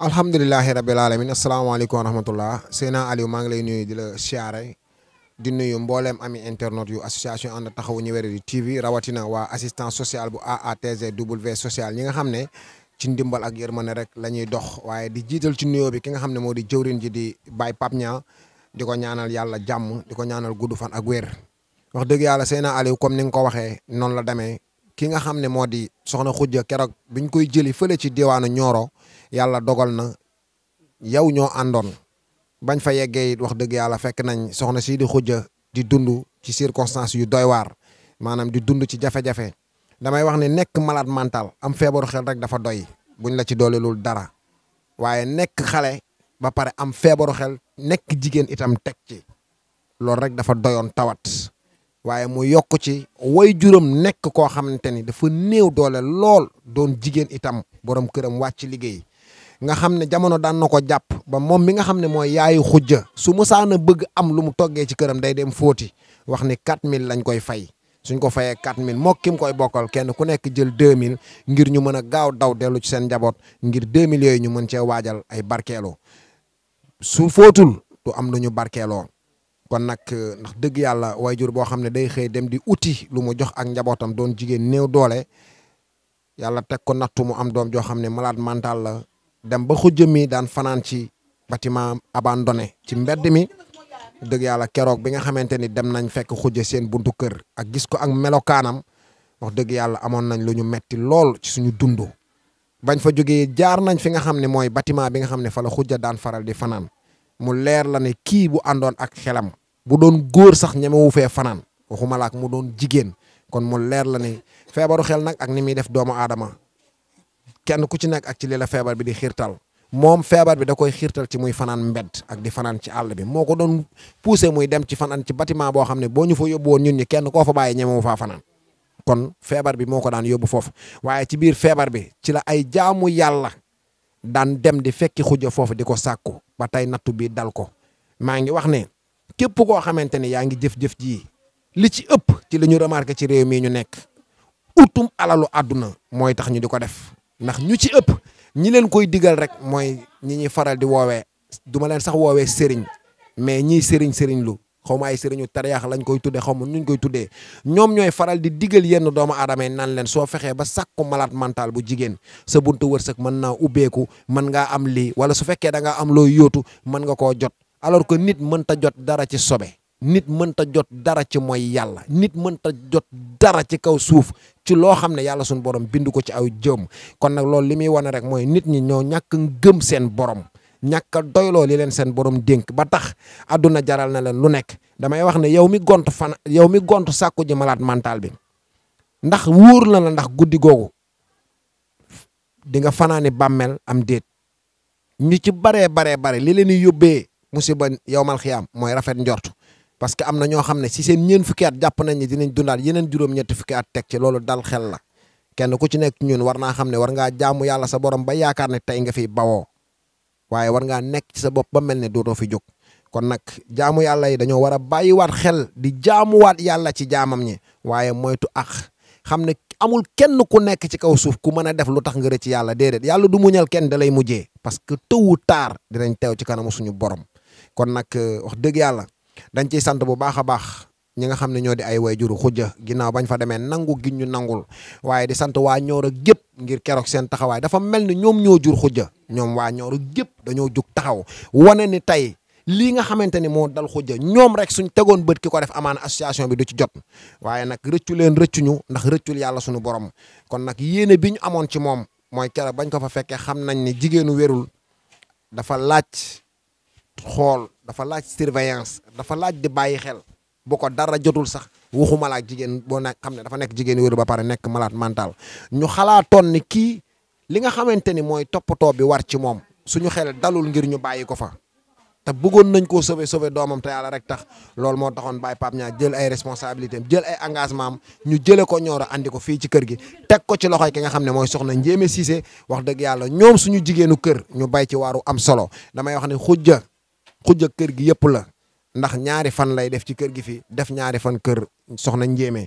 alhamdulilahi rabil alamin asalaamaaleykum wa rahmatullah Seydina Aliou maa ngi lay nuyu di la siyaare di nuyu mbooleem ami internet yu association ànd taxawu ñu wéradi TV rawatina waa assistance sociale bu AATGW sociale ñi nga xam ne ci ndimbal ak yërmande rek la ñuy dox waaye di jiital ci nuyoo bi ki nga xam ne moo di jëwrin ji di bay Pape Niang di ko ñaanal yàlla jàmm di ko ñaanal gudd fan ak wér. wax dëgg yàlla Seyna Aliou comme ni nga ko waxee noonu la demee ki nga xam ne moo di soxna Khoudia keroog biñ koy jëli fële ci diwaanu Nioro yàlla dogal na yow ñoo àndoon. bañ fa yeggee it wax dëgg yàlla fekk nañ soxna si di xujja di dund ci circonstances yu doy waar maanaam di dund ci jafe-jafe damay wax ne nekk malade mental am feebaru xel rek dafa doy buñ la ci doolelul dara waaye nekk xale ba pare am feebaru xel nekk jigéen itam teg ci loolu rek dafa doyoon tawat waaye mu yokk ci way juram nekk koo xamante ni dafa néew doole lool doon jigéen itam borom këram wàcc liggéey nga xam ne jamono daan na ko jàpp ba moom mi nga xam ne mooy yaayu xujja su ma musaana bëgg am lu mu toggee ci këram day dem fóoti wax ni 4000 lañ koy fay suñ ko fayee 4000 moo kim koy bokkal kenn ku nekk jël 2000 ngir ñu mën a gaaw daw dellu ci seen njaboot ngir 2000 yooyu ñu mën cee waajal ay barkeeloo su fóotul du am lu ñu barkeeloo kon nag euh, ndax dëgg yàlla waajur boo xam ne day xëy dem di uti lu mu jox ak njabootam doon jigéen néew doole yàlla teg ko nattu mu am doom joo xam ne malade mental la dem ba xujj mi daan fanan ci bâtiment abandonné ci mbedd mi deug yalla kérok bi nga xamanteni dem nañ fekk xujj sen buntu kër ak gis ko ak melokanam wax deug yalla amon nañ luñu metti lool ci suñu dundu bañ fa joggé jaar nañ fi nga xamné moy bâtiment bi nga xamné fa la daan faral di fanan mu leer la né ki bu andon ak xelam bu doon goor sax ñemewu fee fanan waxuma la mu doon jigen kon mu leer la ne febaru xel nak ak ni def doomu adama kenn ku ci nekk ak ci li feebar bi di xiirtal moom feebar bi da koy xiirtal ci muy fanaan mbedd ak di fanaan ci àll bi moo ko doon poussé muy dem ci fanaan ci bâtiment boo xam ne boo ñu fa yóbbu woon ñun ñi kenn koo bàyyi ñemewu faa kon feebar bi moo ko daan yóbbu foofu waaye ci biir feebar bi ci la ay jaamu yàlla daan dem di fekk xuja foofu di ko sàkku ba tey nattu bi dal ko maa ngi wax ne képp koo xamante ni yaa ngi jëf-jëf ji li ci ëpp ci li ñu remarqué ci réew mii ñu nekk utum alalu àdduna mooy tax ñu di ko def ndax ñu ci ëpp ñi leen koy digal rek mooy ñi ñuy faral di woowee du ma leen sax woowee sëriñ mais ñii sëriñ sëriñ lu xaw ma ay sëriñu tariyaax lañ koy tuddee xaw ma nuñ koy tuddee ñoom ñooy faral di digal yenn doomu aadama yi nan leen soo fexee ba sàkku malaat mental bu jigéen sa buntu wërsëg mën naa ubbeeku mën ngaa am lii wala su fekkee da ngaa am loo yootu mën nga koo jot alors que nit mënta jot dara ci sobe nit mënta jot dara ci mooy yàlla nit mënta jot dara ci kaw suuf ci lo xamne yalla sun borom bindu ko ci aw jëm kon nak lool limi wone rek moy nit ñi ñoo ñak ngeum seen borom ñak doylo li leen seen borom denk ba tax aduna jaral na leen lu nek damay wax ne yow mi gont fan yow mi gont sakku ji malade mental bi ndax woor la la ndax guddii gogo di nga fanaani bammel am deet ñi ci bare bare bare li leen yobbe musiba yowmal khiyam moy rafet njort parce que am na ñoo xam ne si seen ñeen fukki at jàpp nañ ne dinañ dundaat yeneen juróom-ñetti fukki at teg ci loolu dal xel la kenn ku ci nekk ñun war naa xam ne war ngaa jaamu yàlla sa borom ba yaakaar ne tey nga fi bawoo waaye war ngaa nekk ci sa bopp ba mel ne dootoo fi jóg kon nag jaamu yàlla yi dañoo war a bàyyiwaat xel di jaamuwaat yàlla ci jaamam ñi waaye moytu ax xam ne amul kenn ku nekk ci kaw suuf ku mën a def lu tax nga rëcc yàlla déedéet yàlla du muñal kenn da lay mujjee parce que tôt ou tard dinañ tew ci kanamu suñu borom kon nag euh, wax dëgg yàlla dañ ci sante bu baax a baax ñi nga xamne ñoo di ay way juru xujja ginaaw bañ fa démé nangu giñu nangul waye di sante wa ñoro gep ngir kérok seen taxaway dafa mel ñom ñoo jur xujja ñom wa ñoro gep dañoo juk taxaw wane ni tay li nga xamanteni mo dal xujja ñom rek suñ tégon bëtt ki def amana association bi du ci jot waye nak rëccu leen ñu ndax rëccul yalla suñu borom kon nak yene biñu amon ci mom moy kéra bañ ko fa fekkee xam ni jigéenu wérul dafa lacc xool dafa laaj surveillance dafa laaj di bàyyi xel bu ko dara jotul sax waxuma laa jigéen boo na xam ne dafa nekk jigéen wéru ba pare nekk malade mental ñu xalaatoon ni kii li nga xamante ni mooy toppatoo bi war ci moom suñu xel dalul ngir ñu bàyyi ko fa te bëggoon nañ koo sauver sauver doomam te yàlla rek tax loolu moo taxoon Baye Pape Niang jël ay responsabilités jël ay engagement ñu jëlee ko Nioro andi ko fii ci kër gi teg ko ci loxoy ki nga xam ne mooy soxna njéem Cissé wax dëgg yàlla ñoom suñu jigéenu kër ñu bay ci am solo damay wax ne xujja Kujakir kër gi yëpp la ndax ñaari fan lay def ci kër gi fi def ñaari fan kër soxna ñëmé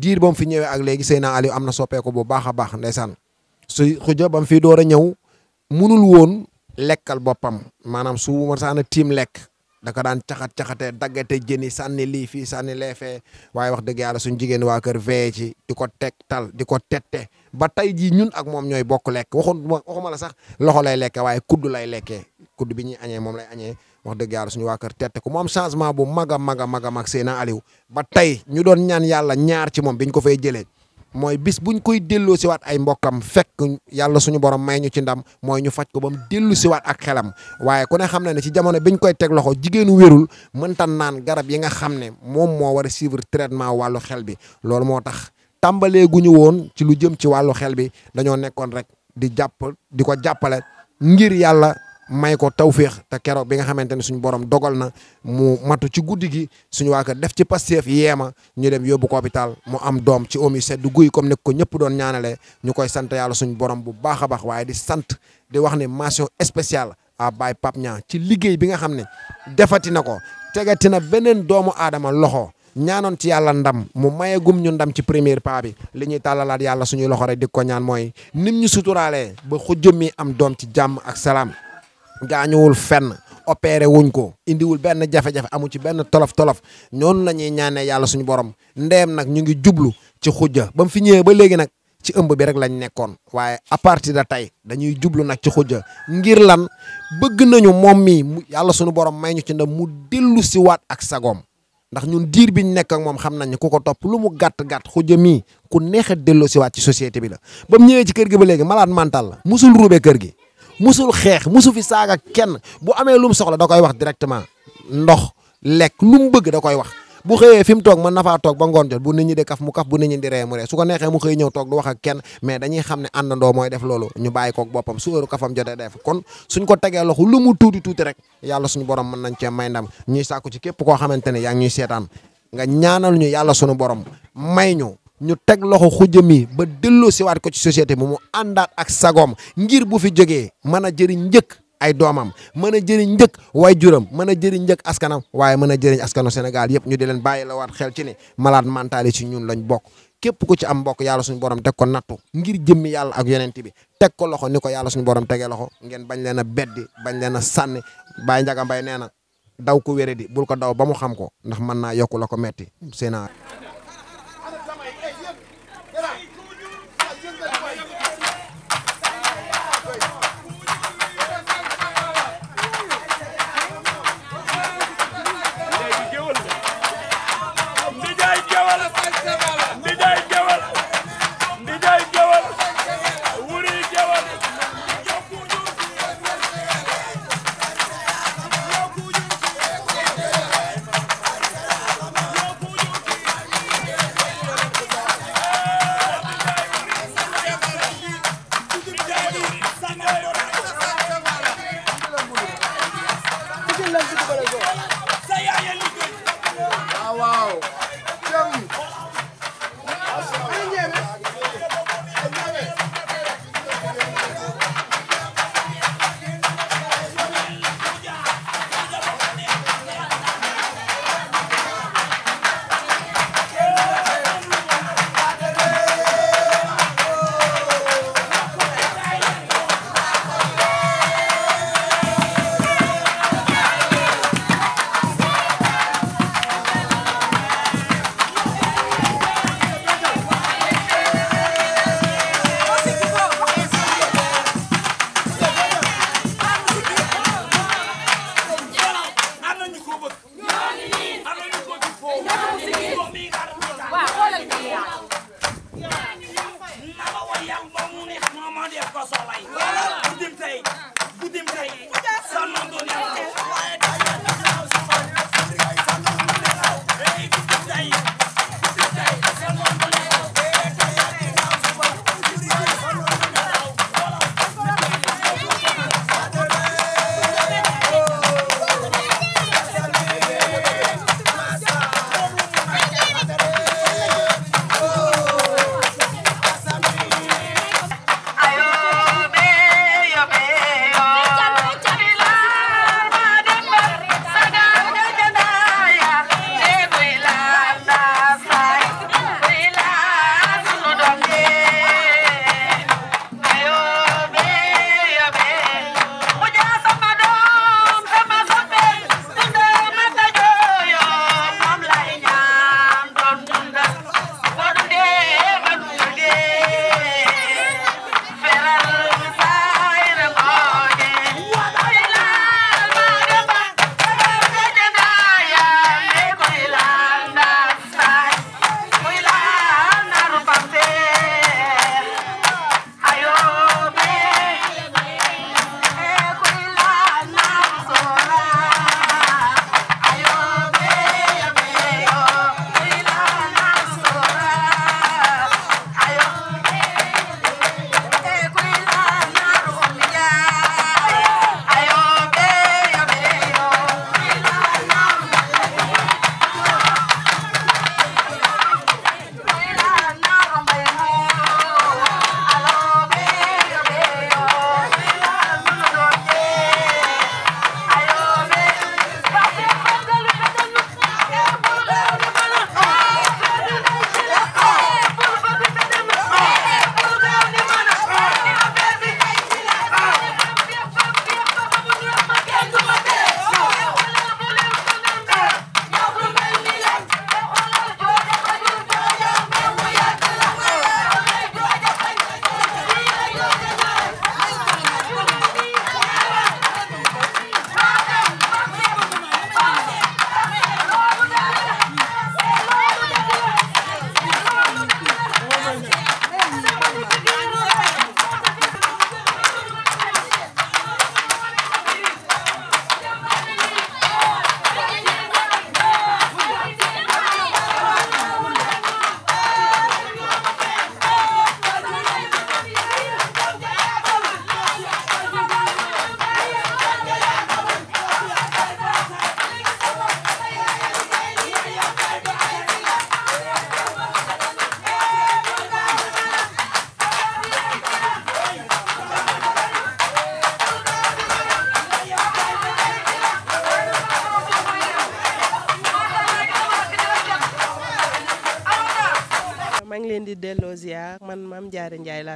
diir bam fi ñëwé ak légui Seyna Aliou amna na soppeeku bu baaxa baax ndaysan su xuja bam fi doora a ñëw mënul woon lekkal bopam manam su ma saana tim lek da ka daan taxat taxate dagate jëni sanni li fi sanni lee fee waaye wax deug yalla suñu jigen wa kër veye ci diko tek tal diko tette ba tay ji ñun ak mom ñoy bok lek waxon waxuma la sax loxo lay lekke waaye kuddu lay lekkee kuddu bi ñuy añee lay wax deug yàlla suñu waa kër tette ku moom changement bu maga maga maga a mag a mag Aliou ba tay ñu doon ñaan yalla ñaar ci mom biñ ko fay jëlee moy bis buñ koy ci wat ay mbokam fekk yalla suñu borom may ñu ci ndam moy ñu fajj ko bam mu ci wat ak xelam waaye ku ne xam ci jamono biñ koy teg loxo jigéenu mën tan naan garab yi nga xam mom mo wara suivre traitement walu xel bi lool motax tax guñu won ci lu jëm ci walu xel bi dañoo nekkon rek di japp di ko jàppale ngir yalla may ko tawféex te keroog bi nga xamante ne suñu borom dogal na mu matu ci guddi gi suñu waa kër def ci pasteef yeema ñu dem yóbbu ko hôpital mu am doom ci omi sedd guy comme ni ko ñëpp doon ñaanalee ñu koy sant yàlla suñu borom bu baax a baax waaye di sant di wax ne mention spéciale a Baye Pape Niang ci liggéey bi nga xam ne defati na ko tegati na beneen doomu aadama loxo. ñaanoon ci yàlla ndam mu mayegum ñu ndam ci premier pas bi li ñuy tàllalaat yàlla suñuy loxo rek di ko ñaan mooy nim ñu suturaalee ba xujjëm mi am doom ci jàmm ak salaam gaañuwul fenn opéré wuñ ko indiwul benn jafe-jafe amu ci benn tolof-tolof ñoonu la ñuy ñaanee yàlla suñu borom ndeem nag ñu ngi jublu ci xuuja ba mu fi ñëwee ba léegi nag ci ëmb bi rek lañ nekkoon waaye à partir tey dañuy jublu nag ci xuuja ngir lan bëgg nañu moom mii yàlla suñu borom may ñu ci ndam mu dellu si waat ak sagoom ndax ñun diir biñ nekk ak moom xam nañ ne ku ko topp lu mu gàtt-gàtt xujja mii ku neex a delloo si waat ci société bi la ba ñëwee ci kër gi ba léegi malade mental la musul ruube kër gi musul xeex musu fi saaga kenn bu amee lu mu soxla da koy wax directement ndox lekk lu mu bëgg da koy wax bu xëyee fi mu toog ma na toog ba ngoon jot bu nit ñi di kaf mu kaf bu nit ñi ree mu ree su ko neexee mu xëy ñëw toog du wax ak kenn mais dañuy xam ne àndandoo mooy def loolu ñu bàyyi koog boppam su heure kafam jotee def kon suñ ko tegee loxo lu mu tuuti tuuti rek yàlla suñu borom mën nañ cee may ndam ñuy sàkku ci képp koo xamante ne yaa ngi ñuy seetaan nga ñaanal ñu yàlla suñu borom may ñu ñu teg loxo xuj jëmmi ba delloo siwaat ko ci société bi mu àndaat ak sagoom ngir bu fi jógee mën a jëriñ njëkk ay doomam mën a jëriñ njëkk way juram mën a jëriñ njëkk askanam waaye mën a jëriñ askanu Sénégal yëpp ñu di leen bàyyi la waat xel ci ne malade mental yi ci ñun lañ bokk képp ku ci am bokk yàlla suñu borom teg ko nattu ngir jëmmi yàlla ak yeneen bi teg ko loxo ni ko yàlla suñu borom tegee loxo ngeen bañ leen a beddi bañ leen a sànni bàyyi njaga mbay nee na daw ko wéré di bul ko daw ba mu xam ko ndax mën naa yokku la ko metti séena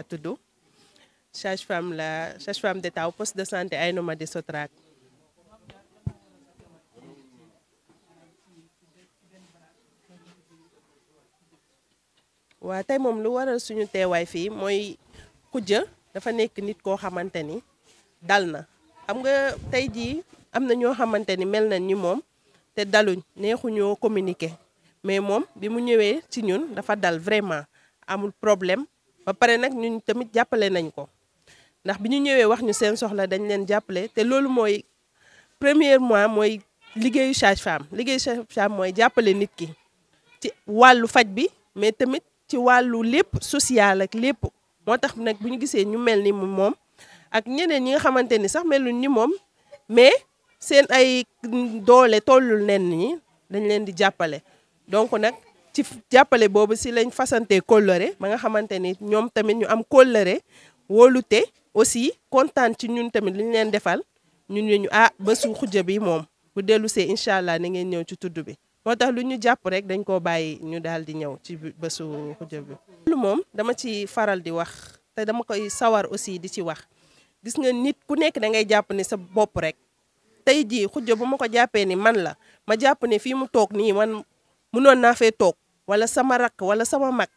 laa tudd femme la sage-femme d'État au poste de santé Aïnoumady Sotrac waa tey moom lu waral suñu teewaay fii mooy Khoudia dafa nekk nit koo xamante ni dal na xam nga tey jii am na ñoo xamante ni mel na ni moom te daluñ neexuñoo communiquer mais moom bi mu ñëwee ci ñun dafa dal vraiment amul problème ba pare nag ñun tamit jàppale nañ ko ndax bi ñu ñëwee wax ñu seen soxla dañ leen jàppale te loolu mooy premier mois mooy liggéeyu sage-femme liggéeyu sage-femme mooy jàppale nit ki ci wàllu faj bi mais tamit ci wàllu lépp social ak lépp moo tax nag bu ñu gisee ñu mel ni moom ak ñeneen ñi nga xamante ni sax meluñ ni moom mais seen ay doole tollul nen ñi dañ leen di jàppale donc nag ci jàppale boobu si lañ fasante kóllëre ba nga xamante ni ñoom tamit ñu am kóllëre wóolute aussi kontaan ci ñun tamit li ñu leen defal ñun ñu ah bësu xujja bi moom bu dellu see incha allah na ngeen ñëw ci tudd bi moo tax lu ñu jàpp rek dañ koo bàyyi ñu daal di ñëw ci bësu xujja bi. moom dama ci faral di wax te dama koy sawar aussi di ci wax gis nga nit ku nekk da ngay jàpp ne sa bopp rek tey ji xujja bu ma ko jàppee ni man la ma jàpp ne fii mu toog nii man mënoon naa fee toog wala sama rakk wala sama mag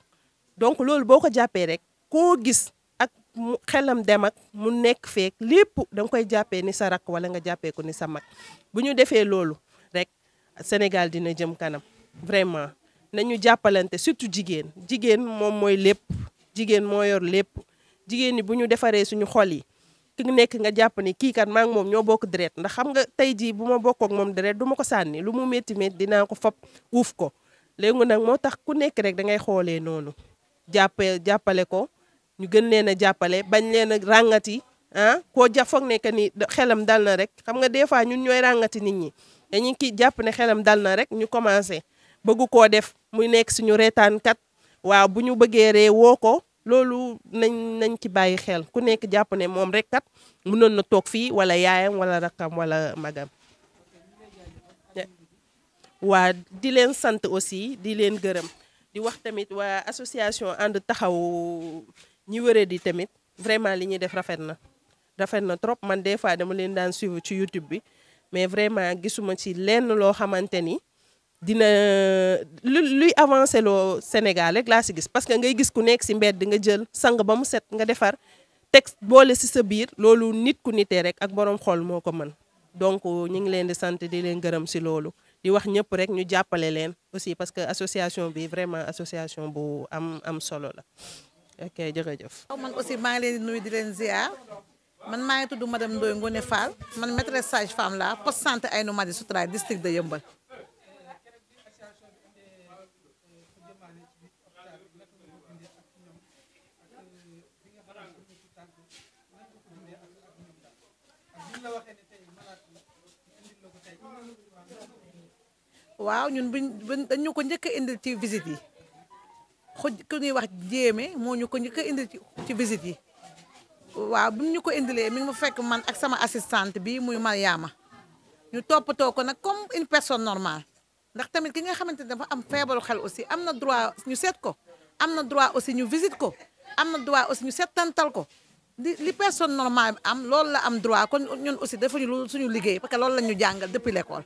donc loolu boo ko jàppee rek koo gis ak mu xelam demag mu nekk feek lépp danga koy jàppee ni sa rakk wala nga jàppee ko ni sa mag bu ñu defee loolu rek Sénégal dina jëm kanam vraiment nañu jàppalante surtout jigéen jigéen moom mooy lépp jigéen moo yor lépp jigéen ñi bu ñu defaree suñu xol yi ki nekk nga jàpp ni kii kat maa moom ñoo bokk deret ndax xam nga tey jii bu ma bokkook moom deret du ma ko sànni lu mu métti métti dinaa ko fab uuf ko léegi nag moo tax ku nekk rek da ngay xoolee noonu jàppe jàppale ko ñu gën leen a jàppale bañ leen a ràngati ah koo jafoog ne que ni xelam dal na rek xam nga des fois ñun ñooy ràngati nit ñi dañuy kii jàpp ne xelam dal na rek ñu commencé bëgg koo def muy nekk suñu reetaankat waaw bu ñu bëggee ree woo ko loolu nañ nañ ci bàyyi xel ku nekk jàpp ne moom rek kat mënoon na toog fii wala yaayam wala rakkam wala magam eh. waa di leen sant aussi di leen gërëm di wax tamit waa association ànd taxaw ñi wëree di tamit vraiment li ñuy def rafet na rafet na trop man des fois dama leen daan suivre ci YouTube bi mais vraiment gisuma ci lenn loo xamante ni dina lu luy avancé loo Sénégal rek laa si gis parce que ngay gis ku nekk si mbedd nga jël sang ba mu set nga defar teg boole si sa biir loolu nit ku nitee rek ak borom xool moo ko mën donc ñu ngi leen di sant di leen gërëm si loolu di wax ñëpp rek ñu jàppale leen aussi parce que association bi vraiment association bu am am solo la ok jërëjëf. jëf man aussi maa ngi leen di nuyu di leen ziar man maa ngi tudd madame Ndoye Ngone Fall man maîtresse sage femme la poste santé Aïnou Mady Soutraye district de Yeumbeul. waaw ñun buñ ñu ko njëkk a indil ci visite yi xuj ku ñuy wax jéeme moo ñu ko njëkk indi indil ci visite yi waaw bu ñu ko indilee mi ngi mu fekk man ak sama assistante bi muy Mariama ñu toppatoo ko nag comme une personne normal ndax tamit ki nga xamante ne dafa am feebaru xel aussi am na droit ñu seet ko am na droit aussi ñu visite ko am na droit aussi ñu seetantal ko li li personne normale am lool la am droit kon ñun aussi dafa ñu lu suñu liggéey parce que loolu la ñu jàngal depuis l'école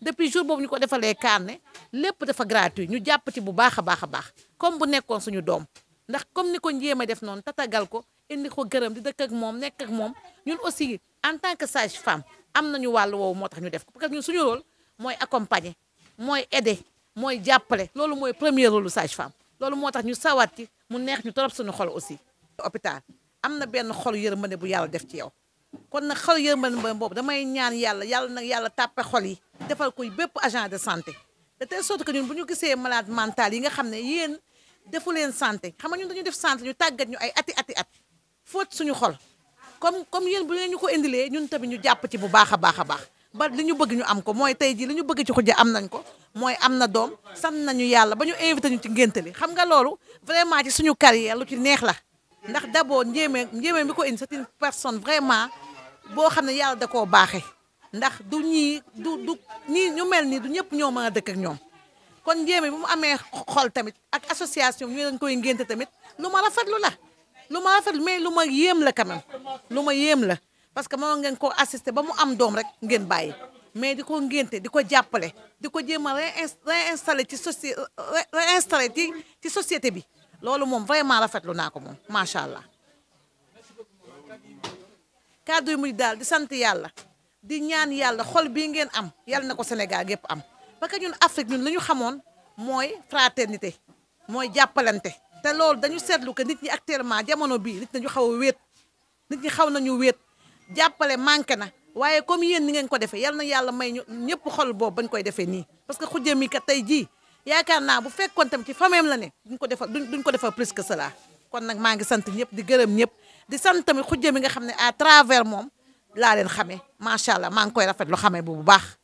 depuis jour boobu ñu ko defalee carnet lépp dafa gratuit ñu jàpp ci bu baax a baax a baax comme bu nekkoon suñu doom ndax comme ni ko njéem a def noonu tatagal ko indi ko gërëm di dëkk ak moom nekk ak moom ñun aussi en tant que sage femme am nañu wàll wow moo tax ñu def ko parce que suñu rôle mooy accompagner mooy aider mooy jàppale loolu mooy premier rôle lu sage femme loolu moo tax ñu sawat ci mu neex ñu torop suñu xol aussi hôpital am na benn xol yërmande bu yàlla def ci yow kon nag xol yërmande boobu damay ñaan yàlla yàlla nag yàlla tàppe xol yi defal koy bépp agent de santé de telle sorte que ñun bu ñu gisee malade mental yi nga xam ne yéen defu leen santé xam nga ñun dañu def santé ñu tàggat ñu ay ati ati at foot suñu xol comme comme yéen bu leen ñu ko indilee ñun tamit ñu jàpp ci bu baax a baax a baax ba li ñu bëgg ñu am ko mooy tey jii li ñu bëgg ci xuja am nañ ko mooy am na doom sant nañu yàlla ba ñu invité ñu ci ngénte li xam nga loolu vraiment suñu carrière lu ci neex la ndax d'abord njéemee njéemee mi ko indi c'est une personne vraiment boo xam ne yàlla da koo baaxee ndax du ñii du du nii ñu mel nii du ñëpp ñoo mën a dëkk ñoom kon njéeme bu mu amee xol tamit ak association ñu dañ koy ngénte tamit lu ma rafet lu la lu ma rafetlu mais lu ma yéem la lu ma yéem la parce que moo ngeen ko assister ba mu am doom rek ngeen bàyyi mais di ko ngénte di ko jàppale di ko jéem a réinstallé ci soci réinstallé ci société bi loolu moom vraiment rafetlu naa ko moom macha allah. kàddu mu mujj daal di sant yàlla di ñaan yàlla xol bii ngeen am yàlla na ko Sénégal gépp am parce que ñun Afrique ñun li ñu xamoon mooy fraternité mooy jàppalante. te loolu dañu seetlu que nit ñi actuellement jamono bii nit nañu xaw a wéet nit ñi xaw nañu wéet jàppale manqué na waaye comme yéen ni ngeen ko defee yàlla na yàlla may ñu ñëpp xol boobu bañ koy defee nii. parce que xujje mi kat tey jii yaakaar naa bu fekkoon tam ci fameem la ne duñ ko defal duñ ko defal plus que cela kon nag maa ngi sant ñëpp di gërëm ñëpp. di sant tamit xujja mi nga xam ne à travers moom laa leen xamee macha allah maa ngi koy rafetlu xamee bu bu baax.